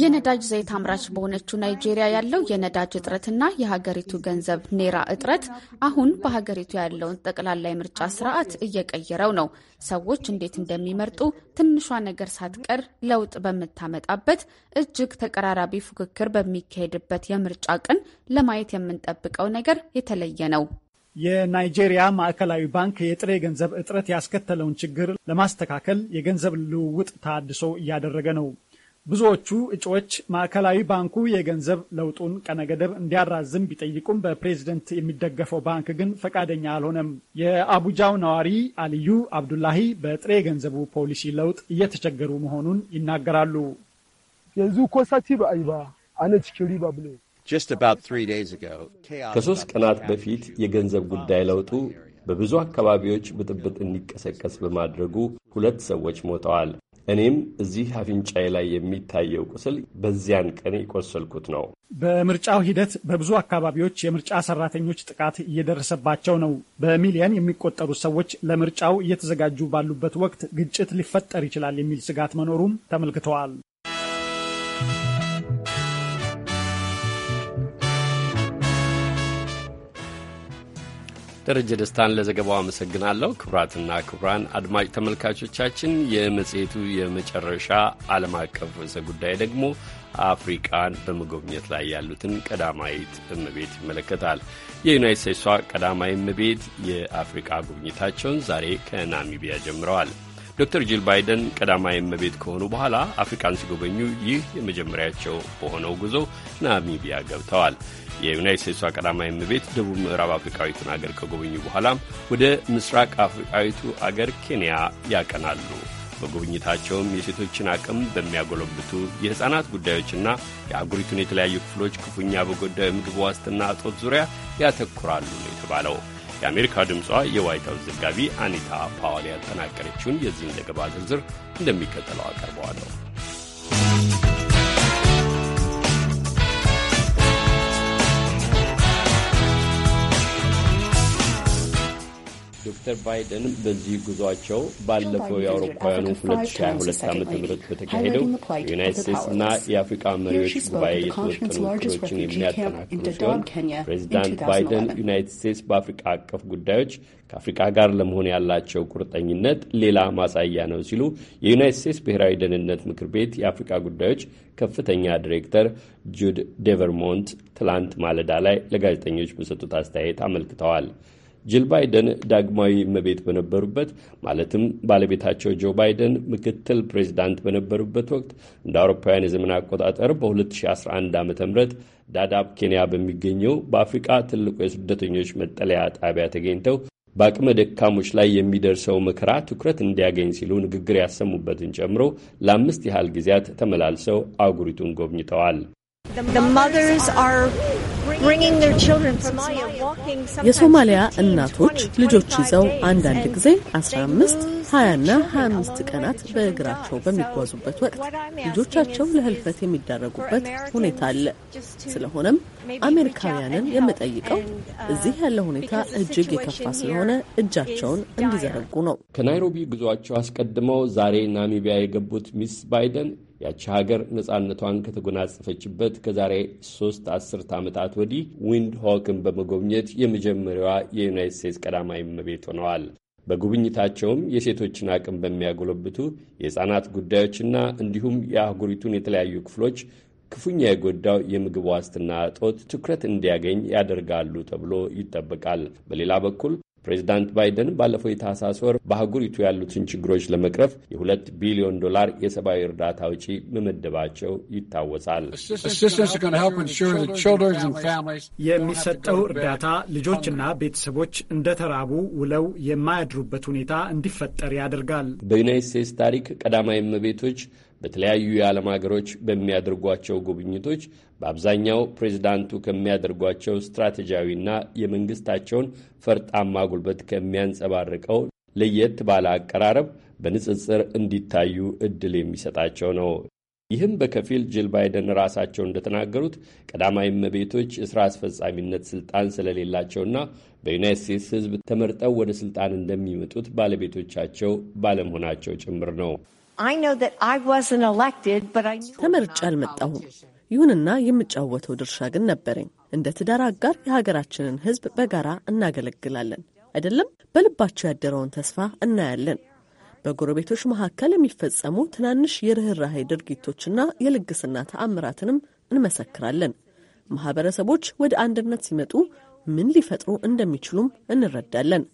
የነዳጅ ዘይት አምራች በሆነችው ናይጄሪያ ያለው የነዳጅ እጥረትና የሀገሪቱ ገንዘብ ኔራ እጥረት አሁን በሀገሪቱ ያለውን ጠቅላላ የምርጫ ስርዓት እየቀየረው ነው። ሰዎች እንዴት እንደሚመርጡ ትንሿ ነገር ሳትቀር ለውጥ በምታመጣበት እጅግ ተቀራራቢ ፉክክር በሚካሄድበት የምርጫ ቀን ለማየት የምንጠብቀው ነገር የተለየ ነው። የናይጄሪያ ማዕከላዊ ባንክ የጥሬ ገንዘብ እጥረት ያስከተለውን ችግር ለማስተካከል የገንዘብ ልውውጥ ታድሶ እያደረገ ነው። ብዙዎቹ እጩዎች ማዕከላዊ ባንኩ የገንዘብ ለውጡን ቀነገደብ እንዲያራዝም ቢጠይቁም በፕሬዝደንት የሚደገፈው ባንክ ግን ፈቃደኛ አልሆነም። የአቡጃው ነዋሪ አልዩ አብዱላሂ በጥሬ የገንዘቡ ፖሊሲ ለውጥ እየተቸገሩ መሆኑን ይናገራሉ። ከሶስት ቀናት በፊት የገንዘብ ጉዳይ ለውጡ በብዙ አካባቢዎች ብጥብጥ እንዲቀሰቀስ በማድረጉ ሁለት ሰዎች ሞተዋል። እኔም እዚህ አፍንጫዬ ላይ የሚታየው ቁስል በዚያን ቀን የቆሰልኩት ነው። በምርጫው ሂደት በብዙ አካባቢዎች የምርጫ ሰራተኞች ጥቃት እየደረሰባቸው ነው። በሚሊየን የሚቆጠሩ ሰዎች ለምርጫው እየተዘጋጁ ባሉበት ወቅት ግጭት ሊፈጠር ይችላል የሚል ስጋት መኖሩም ተመልክተዋል። ደረጀ ደስታን ለዘገባው አመሰግናለሁ። ክቡራትና ክቡራን አድማጭ ተመልካቾቻችን የመጽሔቱ የመጨረሻ ዓለም አቀፍ ርዕሰ ጉዳይ ደግሞ አፍሪቃን በመጎብኘት ላይ ያሉትን ቀዳማዊት እመቤት ይመለከታል። የዩናይት ስቴትሷ ቀዳማዊ እመቤት የአፍሪቃ ጉብኝታቸውን ዛሬ ከናሚቢያ ጀምረዋል። ዶክተር ጂል ባይደን ቀዳማዊ እመቤት ከሆኑ በኋላ አፍሪካን ሲጎበኙ ይህ የመጀመሪያቸው በሆነው ጉዞ ናሚቢያ ገብተዋል። የዩናይት ስቴትሷ ቀዳማዊ እመቤት ደቡብ ምዕራብ አፍሪካዊቱን አገር ከጎበኙ በኋላም ወደ ምስራቅ አፍሪካዊቱ አገር ኬንያ ያቀናሉ። በጉብኝታቸውም የሴቶችን አቅም በሚያጎለብቱ የሕፃናት ጉዳዮችና የአህጉሪቱን የተለያዩ ክፍሎች ክፉኛ በጎዳዩ የምግብ ዋስትና እጦት ዙሪያ ያተኩራሉ ነው የተባለው። የአሜሪካ ድምጿ የዋይት ሀውስ ዘጋቢ አኒታ ፓዋል ያጠናቀረችውን የዚህን ዘገባ ዝርዝር እንደሚከተለው አቀርበዋለሁ። ዶክተር ባይደን በዚህ ጉዟቸው ባለፈው የአውሮፓውያኑ 2022 ዓ ም በተካሄደው የዩናይት ስቴትስና የአፍሪካ መሪዎች ጉባኤ የተወጠኑ ምክሮችን የሚያጠናክሩ ሲሆን ፕሬዚዳንት ባይደን ዩናይት ስቴትስ በአፍሪካ አቀፍ ጉዳዮች ከአፍሪካ ጋር ለመሆን ያላቸው ቁርጠኝነት ሌላ ማሳያ ነው ሲሉ የዩናይት ስቴትስ ብሔራዊ ደህንነት ምክር ቤት የአፍሪካ ጉዳዮች ከፍተኛ ዲሬክተር ጁድ ዴቨርሞንት ትላንት ማለዳ ላይ ለጋዜጠኞች በሰጡት አስተያየት አመልክተዋል። ጂል ባይደን ዳግማዊ እመቤት በነበሩበት ማለትም ባለቤታቸው ጆ ባይደን ምክትል ፕሬዚዳንት በነበሩበት ወቅት እንደ አውሮፓውያን የዘመን አቆጣጠር በ2011 ዓ ም ዳዳብ ኬንያ በሚገኘው በአፍሪቃ ትልቁ የስደተኞች መጠለያ ጣቢያ ተገኝተው በአቅመ ደካሞች ላይ የሚደርሰው መከራ ትኩረት እንዲያገኝ ሲሉ ንግግር ያሰሙበትን ጨምሮ ለአምስት ያህል ጊዜያት ተመላልሰው አጉሪቱን ጎብኝተዋል። የሶማሊያ እናቶች ልጆች ይዘው አንዳንድ ጊዜ 15 20ና 25 ቀናት በእግራቸው በሚጓዙበት ወቅት ልጆቻቸው ለህልፈት የሚዳረጉበት ሁኔታ አለ። ስለሆነም አሜሪካውያንን የምጠይቀው እዚህ ያለ ሁኔታ እጅግ የከፋ ስለሆነ እጃቸውን እንዲዘረጉ ነው። ከናይሮቢ ጉዞአቸው አስቀድመው ዛሬ ናሚቢያ የገቡት ሚስ ባይደን ያቺ ሀገር ነፃነቷን ከተጎናጸፈችበት ከዛሬ ሶስት አስርት ዓመታት ወዲህ ዊንድ ሆክን በመጎብኘት የመጀመሪያዋ የዩናይት ስቴትስ ቀዳማዊት እመቤት ሆነዋል። በጉብኝታቸውም የሴቶችን አቅም በሚያጎለብቱ የሕፃናት ጉዳዮችና እንዲሁም የአህጉሪቱን የተለያዩ ክፍሎች ክፉኛ የጎዳው የምግብ ዋስትና እጦት ትኩረት እንዲያገኝ ያደርጋሉ ተብሎ ይጠበቃል። በሌላ በኩል ፕሬዚዳንት ባይደን ባለፈው የታህሳስ ወር በአህጉሪቱ ያሉትን ችግሮች ለመቅረፍ የሁለት ቢሊዮን ዶላር የሰብአዊ እርዳታ ውጪ መመደባቸው ይታወሳል። የሚሰጠው እርዳታ ልጆችና ቤተሰቦች እንደተራቡ ውለው የማያድሩበት ሁኔታ እንዲፈጠር ያደርጋል። በዩናይት ስቴትስ ታሪክ ቀዳማዊ እመቤቶች በተለያዩ የዓለም ሀገሮች በሚያደርጓቸው ጉብኝቶች በአብዛኛው ፕሬዚዳንቱ ከሚያደርጓቸው ስትራቴጂያዊና የመንግስታቸውን ፈርጣማ ጉልበት ከሚያንጸባርቀው ለየት ባለ አቀራረብ በንጽጽር እንዲታዩ እድል የሚሰጣቸው ነው። ይህም በከፊል ጅል ባይደን ራሳቸው እንደተናገሩት ቀዳማዊ እመቤቶች የሥራ አስፈጻሚነት ስልጣን ስለሌላቸውና በዩናይት ስቴትስ ሕዝብ ተመርጠው ወደ ስልጣን እንደሚመጡት ባለቤቶቻቸው ባለመሆናቸው ጭምር ነው። ተመርጬ አልመጣሁም። ይሁንና የምጫወተው ድርሻ ግን ነበረኝ። እንደ ትዳር አጋር የሀገራችንን ሕዝብ በጋራ እናገለግላለን አይደለም። በልባቸው ያደረውን ተስፋ እናያለን። በጎረቤቶች መካከል የሚፈጸሙ ትናንሽ የርኅራሄ ድርጊቶችና የልግስና ተአምራትንም እንመሰክራለን። ማህበረሰቦች ወደ አንድነት ሲመጡ ምን ሊፈጥሩ እንደሚችሉም እንረዳለን።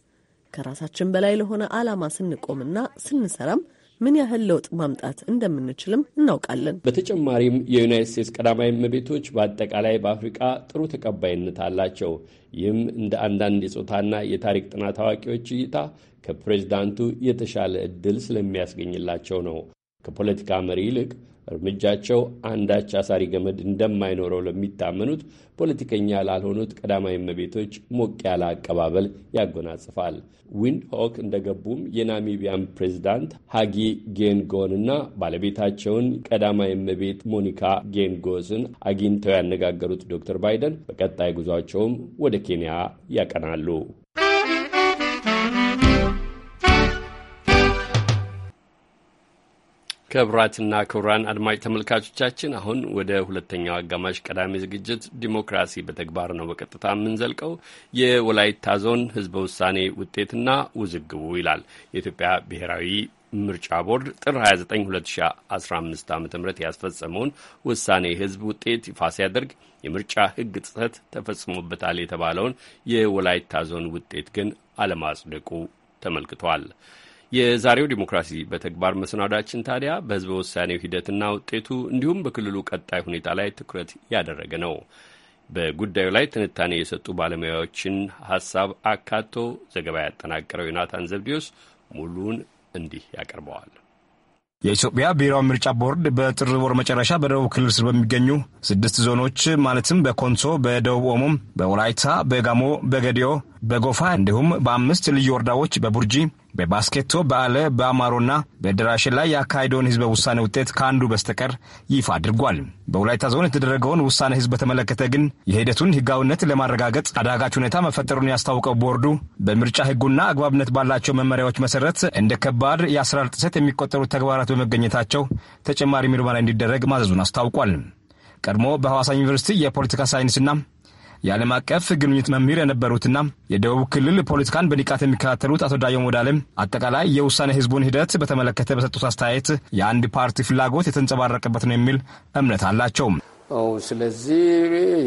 ከራሳችን በላይ ለሆነ ዓላማ ስንቆምና ስንሰራም ምን ያህል ለውጥ ማምጣት እንደምንችልም እናውቃለን። በተጨማሪም የዩናይት ስቴትስ ቀዳማዊ እመቤቶች በአጠቃላይ በአፍሪቃ ጥሩ ተቀባይነት አላቸው። ይህም እንደ አንዳንድ የጾታና የታሪክ ጥናት አዋቂዎች እይታ ከፕሬዚዳንቱ የተሻለ እድል ስለሚያስገኝላቸው ነው። ከፖለቲካ መሪ ይልቅ እርምጃቸው አንዳች አሳሪ ገመድ እንደማይኖረው ለሚታመኑት ፖለቲከኛ ላልሆኑት ቀዳማዊ እመቤቶች ሞቅ ያለ አቀባበል ያጎናጽፋል። ዊንድሆክ እንደገቡም የናሚቢያን ፕሬዚዳንት ሃጊ ጌንጎን እና ባለቤታቸውን ቀዳማዊ እመቤት ሞኒካ ጌንጎስን አግኝተው ያነጋገሩት ዶክተር ባይደን በቀጣይ ጉዟቸውም ወደ ኬንያ ያቀናሉ። ክቡራትና ክቡራን አድማጭ ተመልካቾቻችን አሁን ወደ ሁለተኛው አጋማሽ ቀዳሚ ዝግጅት ዲሞክራሲ በተግባር ነው በቀጥታ የምንዘልቀው። የወላይታ ዞን ህዝበ ውሳኔ ውጤትና ውዝግቡ ይላል። የኢትዮጵያ ብሔራዊ ምርጫ ቦርድ ጥር 29 2015 ዓ ም ያስፈጸመውን ውሳኔ ህዝብ ውጤት ይፋ ሲያደርግ የምርጫ ህግ ጥሰት ተፈጽሞበታል የተባለውን የወላይታ ዞን ውጤት ግን አለማጽደቁ ተመልክቷል። የዛሬው ዲሞክራሲ በተግባር መሰናዳችን ታዲያ በህዝበ ውሳኔው ሂደትና ውጤቱ እንዲሁም በክልሉ ቀጣይ ሁኔታ ላይ ትኩረት ያደረገ ነው። በጉዳዩ ላይ ትንታኔ የሰጡ ባለሙያዎችን ሀሳብ አካቶ ዘገባ ያጠናቀረው ዮናታን ዘብዲዮስ ሙሉን እንዲህ ያቀርበዋል። የኢትዮጵያ ብሔራዊ ምርጫ ቦርድ በጥር ወር መጨረሻ በደቡብ ክልል ስር በሚገኙ ስድስት ዞኖች ማለትም በኮንሶ፣ በደቡብ ኦሞም፣ በወላይታ፣ በጋሞ፣ በገዲዮ በጎፋ እንዲሁም በአምስት ልዩ ወረዳዎች በቡርጂ፣ በባስኬቶ፣ በአለ፣ በአማሮና በደራሼ ላይ የአካሄደውን ህዝበ ውሳኔ ውጤት ከአንዱ በስተቀር ይፋ አድርጓል። በውላይታ ዞን የተደረገውን ውሳኔ ህዝብ በተመለከተ ግን የሂደቱን ህጋዊነት ለማረጋገጥ አዳጋች ሁኔታ መፈጠሩን ያስታውቀው ቦርዱ በምርጫ ህጉና አግባብነት ባላቸው መመሪያዎች መሰረት እንደ ከባድ የአሰራር ጥሰት የሚቆጠሩ ተግባራት በመገኘታቸው ተጨማሪ ምርመራ እንዲደረግ ማዘዙን አስታውቋል። ቀድሞ በሐዋሳ ዩኒቨርሲቲ የፖለቲካ ሳይንስና የዓለም አቀፍ ግንኙነት መምህር የነበሩትና የደቡብ ክልል ፖለቲካን በንቃት የሚከታተሉት አቶ ዳዮም ሞዳለም አጠቃላይ የውሳኔ ህዝቡን ሂደት በተመለከተ በሰጡት አስተያየት የአንድ ፓርቲ ፍላጎት የተንጸባረቀበት ነው የሚል እምነት አላቸው። ስለዚህ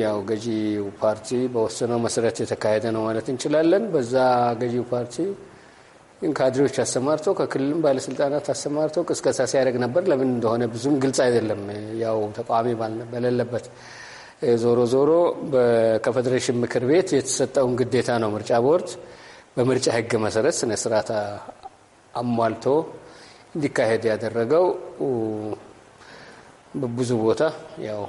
ያው ገዢው ፓርቲ በወሰነው መሰረት የተካሄደ ነው ማለት እንችላለን። በዛ ገዢው ፓርቲ ካድሬዎች አሰማርቶ ከክልልም ባለስልጣናት አሰማርቶ ቅስቀሳ ሲያደርግ ነበር። ለምን እንደሆነ ብዙም ግልጽ አይደለም። ያው ተቃዋሚ በሌለበት ዞሮ ዞሮ ከፌዴሬሽን ምክር ቤት የተሰጠውን ግዴታ ነው ምርጫ ቦርድ በምርጫ ሕግ መሰረት ስነ ስርዓት አሟልቶ እንዲካሄድ ያደረገው። በብዙ ቦታ ያው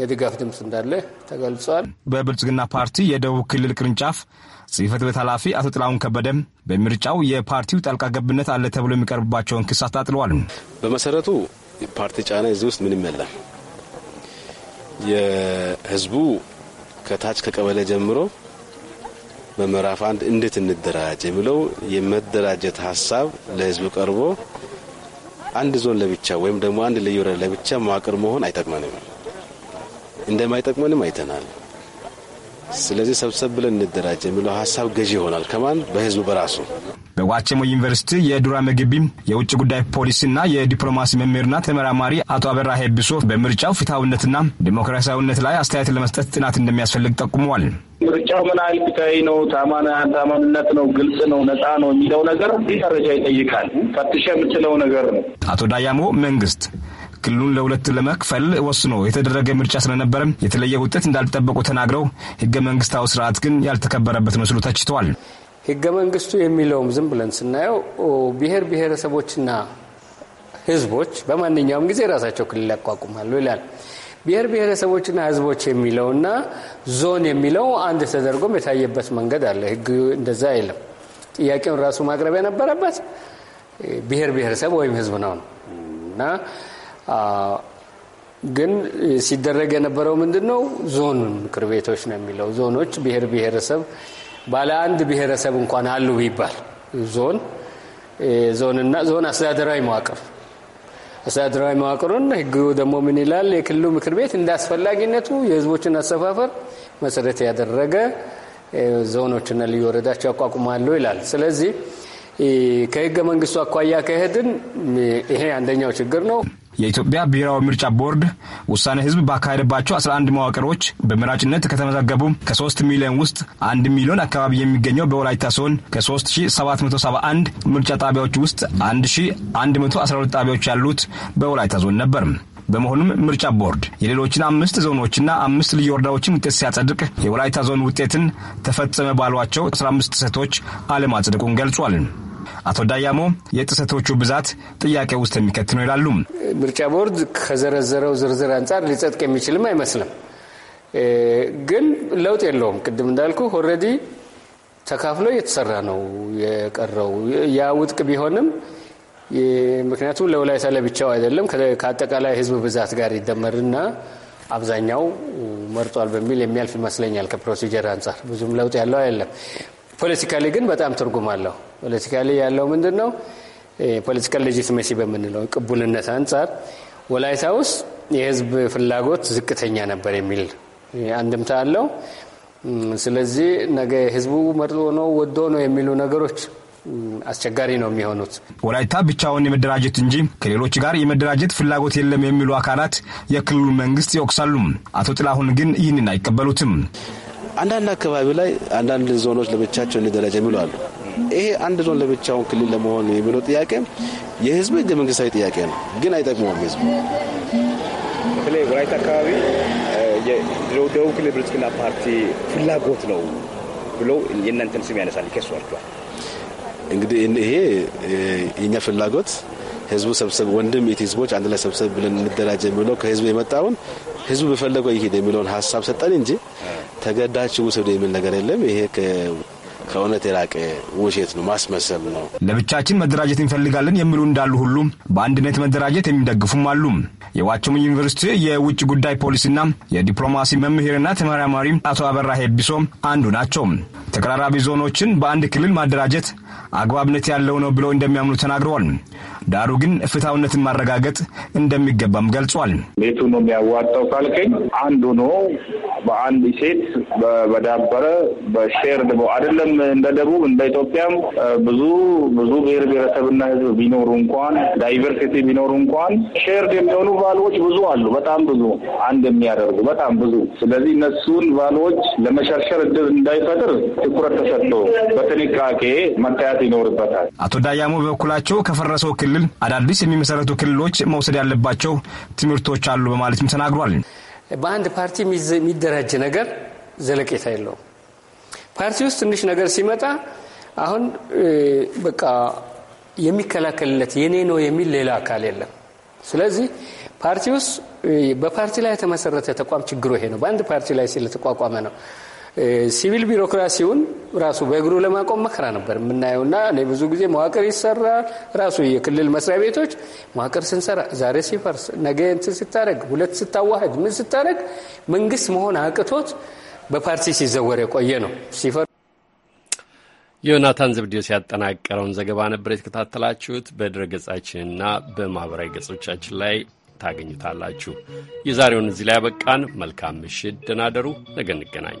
የድጋፍ ድምፅ እንዳለ ተገልጿል። በብልጽግና ፓርቲ የደቡብ ክልል ቅርንጫፍ ጽህፈት ቤት ኃላፊ አቶ ጥላሁን ከበደም በምርጫው የፓርቲው ጣልቃ ገብነት አለ ተብሎ የሚቀርብባቸውን ክስ አጣጥለዋል። በመሰረቱ ፓርቲ ጫና እዚህ ውስጥ ምንም የለም። የህዝቡ ከታች ከቀበሌ ጀምሮ በምዕራፍ አንድ እንዴት እንደራጅ የሚለው የመደራጀት ሀሳብ ለህዝቡ ቀርቦ አንድ ዞን ለብቻ ወይም ደግሞ አንድ ልዩ ወረዳ ለብቻ መዋቅር መሆን አይጠቅመንም፣ እንደማይጠቅመንም አይተናል። ስለዚህ ሰብሰብ ብለን እንደራጅ የሚለው ሀሳብ ገዢ ይሆናል። ከማን በህዝቡ በራሱ በዋቸሞ ዩኒቨርሲቲ የዱራሜ ግቢ የውጭ ጉዳይ ፖሊሲና የዲፕሎማሲ መምህርና ተመራማሪ አቶ አበራ ሄብሶ በምርጫው ፍትሐዊነትና ዲሞክራሲያዊነት ላይ አስተያየት ለመስጠት ጥናት እንደሚያስፈልግ ጠቁመዋል። ምርጫው ምን ያህል ፍትሃዊ ነው፣ ታማኝነት ነው፣ ግልጽ ነው፣ ነጻ ነው የሚለው ነገር ይህ ይጠይቃል። ፈትሸ የምችለው ነገር ነው። አቶ ዳያሞ መንግስት ክልሉን ለሁለት ለመክፈል ወስኖ የተደረገ ምርጫ ስለነበረም የተለየ ውጤት እንዳልጠበቁ ተናግረው ህገ መንግስታዊ ስርዓት ግን ያልተከበረበት መስሎ ተችተዋል። ህገ መንግስቱ የሚለውም ዝም ብለን ስናየው ብሔር ብሔረሰቦችና ህዝቦች በማንኛውም ጊዜ ራሳቸው ክልል ያቋቁማሉ ይላል። ብሔር ብሔረሰቦችና ህዝቦች የሚለውና ዞን የሚለው አንድ ተደርጎም የታየበት መንገድ አለ። ህግ እንደዛ አይልም። ጥያቄውን ራሱ ማቅረብ የነበረበት ብሔር ብሔረሰብ ወይም ህዝብ ነው እና ግን ሲደረግ የነበረው ምንድን ነው? ዞኑን ምክር ቤቶች ነው የሚለው ዞኖች ብሔር ብሔረሰብ ባለ አንድ ብሔረሰብ እንኳን አሉ ቢባል ዞን ዞንና ዞን አስተዳደራዊ መዋቅር አስተዳደራዊ መዋቅሩን ህግ ደግሞ ምን ይላል? የክልሉ ምክር ቤት እንደ አስፈላጊነቱ የህዝቦችን አሰፋፈር መሰረት ያደረገ ዞኖችና ልዩ ወረዳቸው ያቋቁማሉ ይላል። ስለዚህ ከህገ መንግስቱ አኳያ ከሄድን ይሄ አንደኛው ችግር ነው። የኢትዮጵያ ብሔራዊ ምርጫ ቦርድ ውሳኔ ህዝብ ባካሄደባቸው 11 መዋቅሮች በመራጭነት ከተመዘገቡ ከ3 ሚሊዮን ውስጥ 1 ሚሊዮን አካባቢ የሚገኘው በወላይታ ሲሆን ከ3771 ምርጫ ጣቢያዎች ውስጥ 1112 ጣቢያዎች ያሉት በወላይታ ዞን ነበር። በመሆኑም ምርጫ ቦርድ የሌሎችን አምስት ዞኖችና አምስት ልዩ ወረዳዎችን ውጤት ሲያጸድቅ የወላይታ ዞን ውጤትን ተፈጸመ ባሏቸው 15 ሰቶች አለማጽደቁን ገልጿል። አቶ ዳያሞ የጥሰቶቹ ብዛት ጥያቄ ውስጥ የሚከት ነው ይላሉ። ምርጫ ቦርድ ከዘረዘረው ዝርዝር አንጻር ሊጸጥቅ የሚችልም አይመስልም። ግን ለውጥ የለውም። ቅድም እንዳልኩ ኦልሬዲ ተካፍሎ እየተሰራ ነው የቀረው ያ ውጥቅ ቢሆንም ምክንያቱም ለወላይታ ለብቻው አይደለም ከአጠቃላይ ህዝብ ብዛት ጋር ይደመርና አብዛኛው መርጧል በሚል የሚያልፍ ይመስለኛል። ከፕሮሲጀር አንጻር ብዙም ለውጥ ያለው አይደለም። ፖለቲካሊ ግን በጣም ትርጉም አለው። ፖለቲካሊ ያለው ምንድን ነው? ፖለቲካል ሌጂትመሲ በምንለው ቅቡልነት አንጻር ወላይታ ውስጥ የህዝብ ፍላጎት ዝቅተኛ ነበር የሚል አንድምታ አለው። ስለዚህ ነገ ህዝቡ መርጦ ነው ወዶ ነው የሚሉ ነገሮች አስቸጋሪ ነው የሚሆኑት። ወላይታ ብቻውን የመደራጀት እንጂ ከሌሎች ጋር የመደራጀት ፍላጎት የለም የሚሉ አካላት የክልሉ መንግስት ይወቅሳሉ። አቶ ጥላሁን ግን ይህንን አይቀበሉትም። አንዳንድ አካባቢ ላይ አንዳንድ ዞኖች ለብቻቸው እንደረጃ የሚሉ አሉ። ይሄ አንድ ዞን ለብቻውን ክልል ለመሆን የሚለው ጥያቄ የህዝብ ህገ መንግስታዊ ጥያቄ ነው፣ ግን አይጠቅመውም ህዝቡ። በተለይ ወላይታ አካባቢ የደቡብ ክልል ብልጽግና ፓርቲ ፍላጎት ነው ብለው የእናንተን ስም ያነሳል፣ ይከሷቸዋል። እንግዲህ ይሄ የኛ ፍላጎት ህዝቡ ሰብሰብ ወንድም የት ህዝቦች አንድ ላይ ሰብሰብ ብለን እንደራጀ የሚለው ከህዝብ የመጣውን ህዝቡ በፈለገው ይሄድ የሚለውን ሀሳብ ሰጠን እንጂ ተገዳችሁ ውሰዱ የሚል ነገር የለም። ይሄ ከእውነት የራቀ ውሸት ነው፣ ማስመሰል ነው። ለብቻችን መደራጀት እንፈልጋለን የሚሉ እንዳሉ ሁሉም በአንድነት መደራጀት የሚደግፉም አሉ። የዋቸሞ ዩኒቨርሲቲ የውጭ ጉዳይ ፖሊሲና የዲፕሎማሲ መምህርና ተመራማሪ አቶ አበራ ሄቢሶ አንዱ ናቸው። ተቀራራቢ ዞኖችን በአንድ ክልል ማደራጀት አግባብነት ያለው ነው ብለው እንደሚያምኑ ተናግረዋል። ዳሩ ግን ፍትሐውነትን ማረጋገጥ እንደሚገባም ገልጿል። ቤቱ ነው የሚያዋጣው ካልከኝ አንዱ ነው በአንድ ሴት በዳበረ በሼር ደግሞ አይደለም እንደ ደቡብ እንደ ኢትዮጵያም ብዙ ብዙ ብሔር ብሔረሰብና ሕዝብ ቢኖሩ እንኳን ዳይቨርሲቲ ቢኖሩ እንኳን ሼርድ የሚሆኑ ቫልዎች ብዙ አሉ። በጣም ብዙ አንድ የሚያደርጉ በጣም ብዙ። ስለዚህ እነሱን ቫልዎች ለመሸርሸር እድል እንዳይፈጥር ትኩረት ተሰጥቶ በጥንቃቄ መታየት ይኖርበታል። አቶ ዳያሞ በበኩላቸው ከፈረሰው ክልል በኩል አዳዲስ የሚመሰረቱ ክልሎች መውሰድ ያለባቸው ትምህርቶች አሉ በማለትም ተናግሯል። በአንድ ፓርቲ የሚደራጅ ነገር ዘለቄታ የለውም። ፓርቲ ውስጥ ትንሽ ነገር ሲመጣ አሁን በቃ የሚከላከልለት የኔ ነው የሚል ሌላ አካል የለም። ስለዚህ ፓርቲ ውስጥ በፓርቲ ላይ የተመሰረተ ተቋም ችግሩ ይሄ ነው። በአንድ ፓርቲ ላይ ስለተቋቋመ ነው ሲቪል ቢሮክራሲውን ራሱ በእግሩ ለማቆም መከራ ነበር የምናየውና እኔ ብዙ ጊዜ መዋቅር ይሰራል። ራሱ የክልል መስሪያ ቤቶች መዋቅር ስንሰራ ዛሬ ሲፈርስ፣ ነገ እንትን ስታደረግ፣ ሁለት ስታዋህድ፣ ምን ስታደረግ መንግስት መሆን አቅቶት በፓርቲ ሲዘወር የቆየ ነው። ዮናታን ዘብዴዎስ ያጠናቀረውን ዘገባ ነበር የተከታተላችሁት። በድረገጻችንና በማኅበራዊ ገጾቻችን ላይ ታገኙታላችሁ። የዛሬውን እዚህ ላይ ያበቃን። መልካም ምሽት፣ ደናደሩ ነገ እንገናኝ።